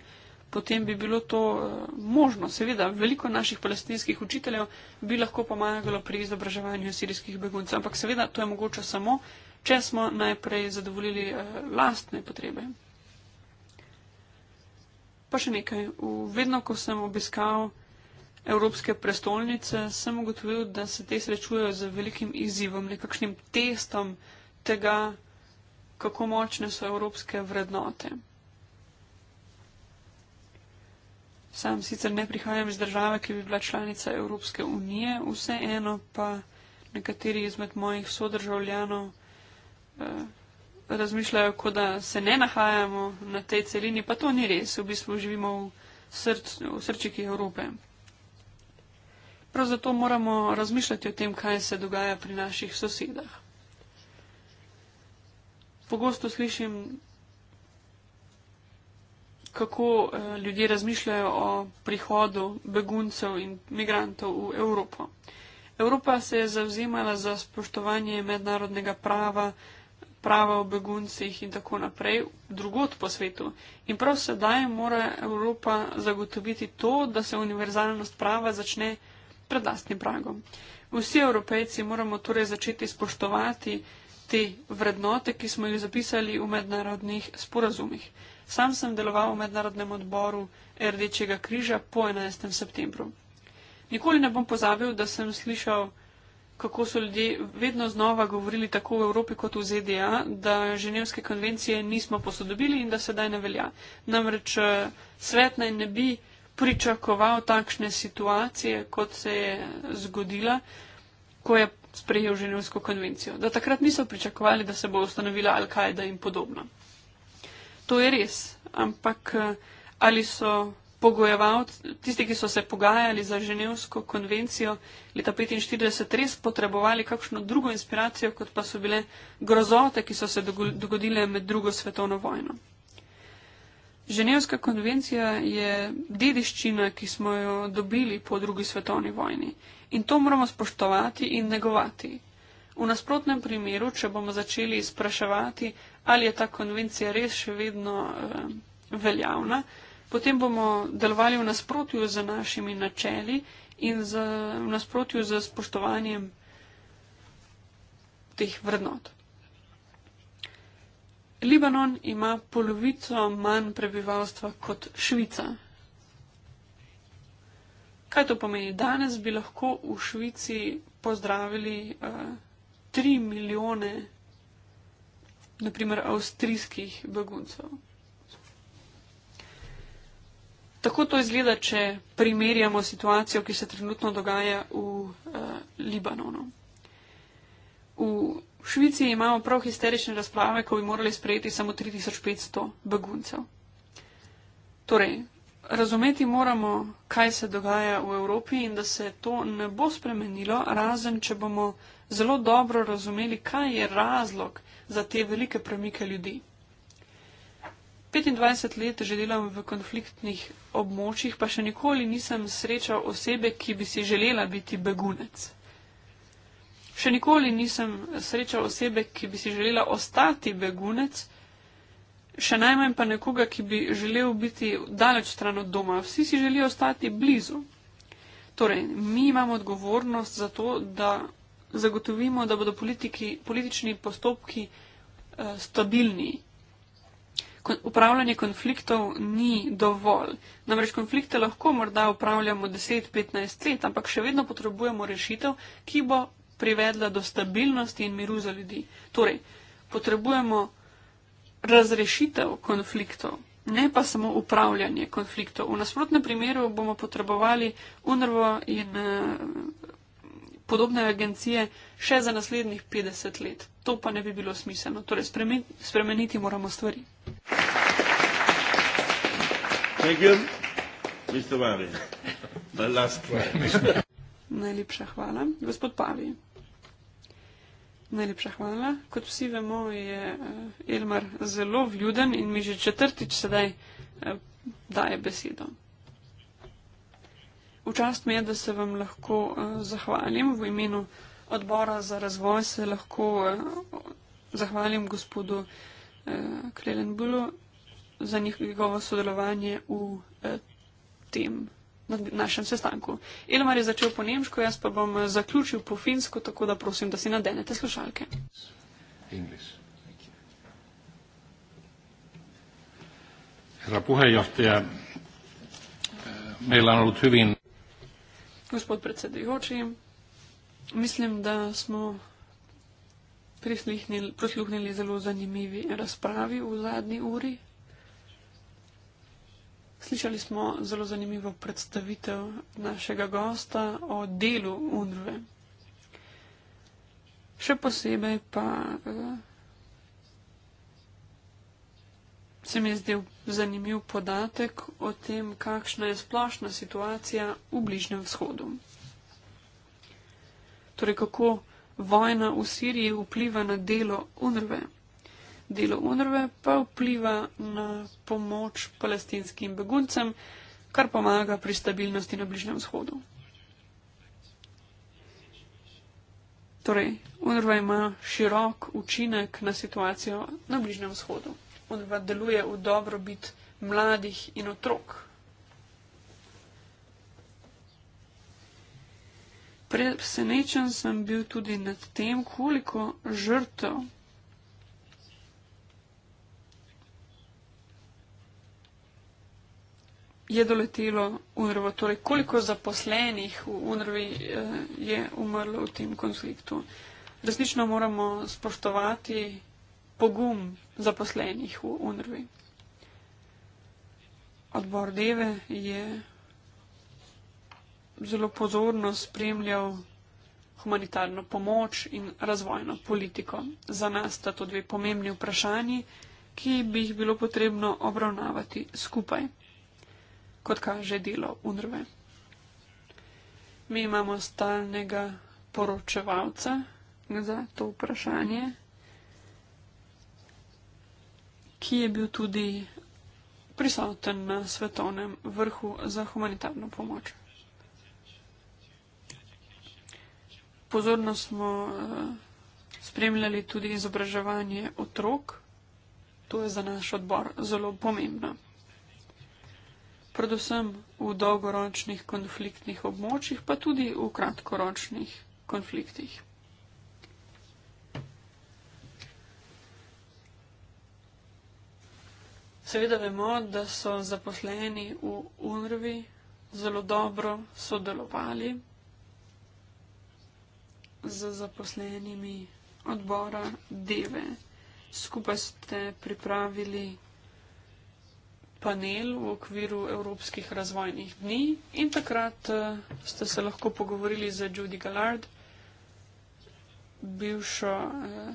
potem bi bilo to eh, možno. Seveda, veliko naših palestinskih učiteljev bi lahko pomagalo pri izobraževanju sirijskih beguncev, ampak seveda to je mogoče samo, če smo najprej zadovoljili eh, lastne potrebe. Pa še nekaj. Vedno, ko sem obiskal evropske prestolnice, sem ugotovil, da se te srečujejo z velikim izzivom, nekakšnim testom tega, kako močne so evropske vrednote. Sam sicer ne prihajam iz države, ki bi bila članica Evropske unije, vseeno pa nekateri izmed mojih sodržavljanov eh, razmišljajo, kot da se ne nahajamo na tej celini, pa to ni res, v bistvu živimo v, srč, v srčiki Evrope. Prav zato moramo razmišljati o tem, kaj se dogaja pri naših sosedah. Pogosto slišim kako eh, ljudje razmišljajo o prihodu beguncev in migrantov v Evropo. Evropa se je zavzemala za spoštovanje mednarodnega prava, prava o beguncih in tako naprej, drugot po svetu. In prav sedaj mora Evropa zagotoviti to, da se univerzalnost prava začne pred lastnim pragom. Vsi evropejci moramo torej začeti spoštovati te vrednote, ki smo jih zapisali v mednarodnih sporazumih. Sam sem deloval v mednarodnem odboru Rdečega križa po 11. septembru. Nikoli ne bom pozabil, da sem slišal, kako so ljudje vedno znova govorili tako v Evropi kot v ZDA, da ženevske konvencije nismo posodobili in da sedaj ne velja. Namreč eh, svet naj ne bi pričakoval takšne situacije, kot se je zgodila, ko je sprejel ženevsko konvencijo. Da takrat niso pričakovali, da se bo ustanovila Al-Kaida in podobno to je res, ampak eh, ali so pogojevalci, tisti, ki so se pogajali za Ženevsko konvencijo leta 1945, res potrebovali kakšno drugo inspiracijo, kot pa so bile grozote, ki so se dogodile med drugo svetovno vojno. Ženevska konvencija je dediščina, ki smo jo dobili po drugi svetovni vojni in to moramo spoštovati in negovati. V nasprotnem primeru, če bomo začeli spraševati, ali je ta konvencija res še vedno uh, veljavna, potem bomo delovali v nasprotju z našimi načeli in z, v nasprotju z spoštovanjem teh vrednot. Libanon ima polovico manj prebivalstva kot Švica. Kaj to pomeni? Danes bi lahko v Švici pozdravili uh, eh, 3 milijone naprimer avstrijskih beguncev. Tako to izgleda, če primerjamo situacijo, ki se trenutno dogaja v eh, Libanonu. V Švici imamo prav histerične razprave, ko bi morali sprejeti samo 3500 beguncev. Torej, razumeti moramo, kaj se dogaja v Evropi in da se to ne bo spremenilo, razen če bomo zelo dobro razumeli, kaj je razlog za te velike premike ljudi. 25 let že delam v konfliktnih območjih, pa še nikoli nisem srečal osebe, ki bi si želela biti begunec. Še nikoli nisem srečal osebe, ki bi si želela ostati begunec še najmanj pa nekoga, ki bi želel biti daleč stran od doma. Vsi si želijo ostati blizu. Torej, mi imamo odgovornost za to, da zagotovimo, da bodo politiki, politični postopki eh, stabilni. Kon, upravljanje konfliktov ni dovolj. Namreč konflikte lahko morda upravljamo 10-15 let, ampak še vedno potrebujemo rešitev, ki bo privedla do stabilnosti in miru za ljudi. Torej, potrebujemo razrešitev konfliktov, ne pa samo upravljanje konfliktov. V nasprotnem primeru bomo potrebovali UNRVO in eh, podobne agencije še za naslednjih 50 let. To pa ne bi bilo smiselno. Torej, spremeniti moramo stvari. Najlepša hvala. Gospod Pavi. Najlepša hvala. Kot vsi vemo, je eh, Elmar zelo vljuden in mi že četrtič sedaj eh, daje besedo. Včast mi je, da se vam lahko eh, zahvalim v imenu odbora za razvoj, se lahko zahvalim gospodu Klelenbulu za njegovo sodelovanje v tem na našem sestanku. Elmar je začel po nemško, jaz pa bom eh, zaključil po finsko, tako da prosim, da si nadenete slušalke. Herra puhejohtaja, eh, meil on olnud hüvin... Gospod predsedujoči, mislim, da smo prisluhnili zelo zanimivi razpravi v zadnji uri. Slišali smo zelo zanimivo predstavitev našega gosta o delu UNRWE. Še posebej pa eh, se mi je zdel zanimiv podatek o tem, kakšna je splošna situacija v Bližnjem vzhodu. Torej, kako vojna v Siriji vpliva na delo UNRWE delu UNRWE pa vpliva na pomoč palestinskim beguncem, kar pomaga pri stabilnosti na Bližnjem vzhodu. Torej, UNRWE ima širok učinek na situacijo na Bližnjem vzhodu. UNRWE deluje v dobrobit mladih in otrok. Presenečen sem bil tudi nad tem, koliko žrtev je doletelo UNRVA, torej koliko zaposlenih v UNRVI eh, je umrlo v tem konfliktu. Resnično moramo spoštovati pogum zaposlenih v UNRVI. Odbor Deve je zelo pozorno spremljal humanitarno pomoč in razvojno politiko. Za nas sta to dve pomembni vprašanji, ki bi jih bilo potrebno obravnavati skupaj kot kaže delo UNRWE. Mi imamo stalnega poročevalca za to vprašanje, ki je bil tudi prisoten na svetovnem vrhu za humanitarno pomoč. Pozorno smo eh, spremljali tudi izobraževanje otrok. To je za naš odbor zelo pomembno predvsem v dolgoročnih konfliktnih območjih, pa tudi v kratkoročnih konfliktih. Seveda vemo, da so zaposleni v UNRVI zelo dobro sodelovali z zaposlenimi odbora DEVE. Skupaj ste pripravili panel v okviru Evropskih razvojnih dni in takrat eh, ste se lahko pogovorili z Judy Gallard, bivšo eh,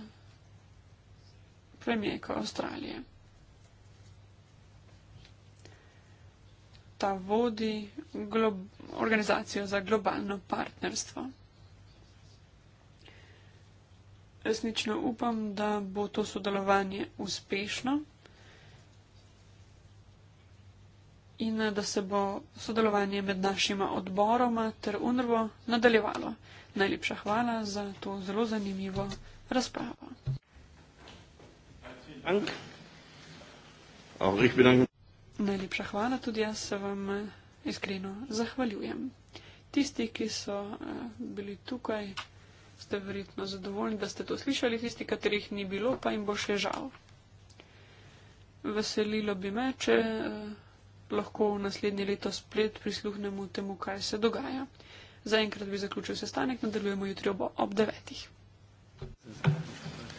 premijeko Avstralije. Ta vodi organizacijo za globalno partnerstvo. Resnično upam, da bo to sodelovanje uspešno. in eh, da se bo sodelovanje med našima odboroma ter UNRVO nadaljevalo. Najlepša hvala za to zelo zanimivo razpravo. Najlepša hvala, tudi jaz se vam eh, iskreno zahvaljujem. Tisti, ki so eh, bili tukaj, ste verjetno zadovoljni, da ste to slišali, tisti, katerih ni bilo, pa jim bo še žal. Veselilo bi me, če. Uh, lahko naslednje leto splet prisluhnemo temu, kaj se dogaja. Zaenkrat bi zaključil sestanek, nadaljujemo jutri ob devetih. Thank you.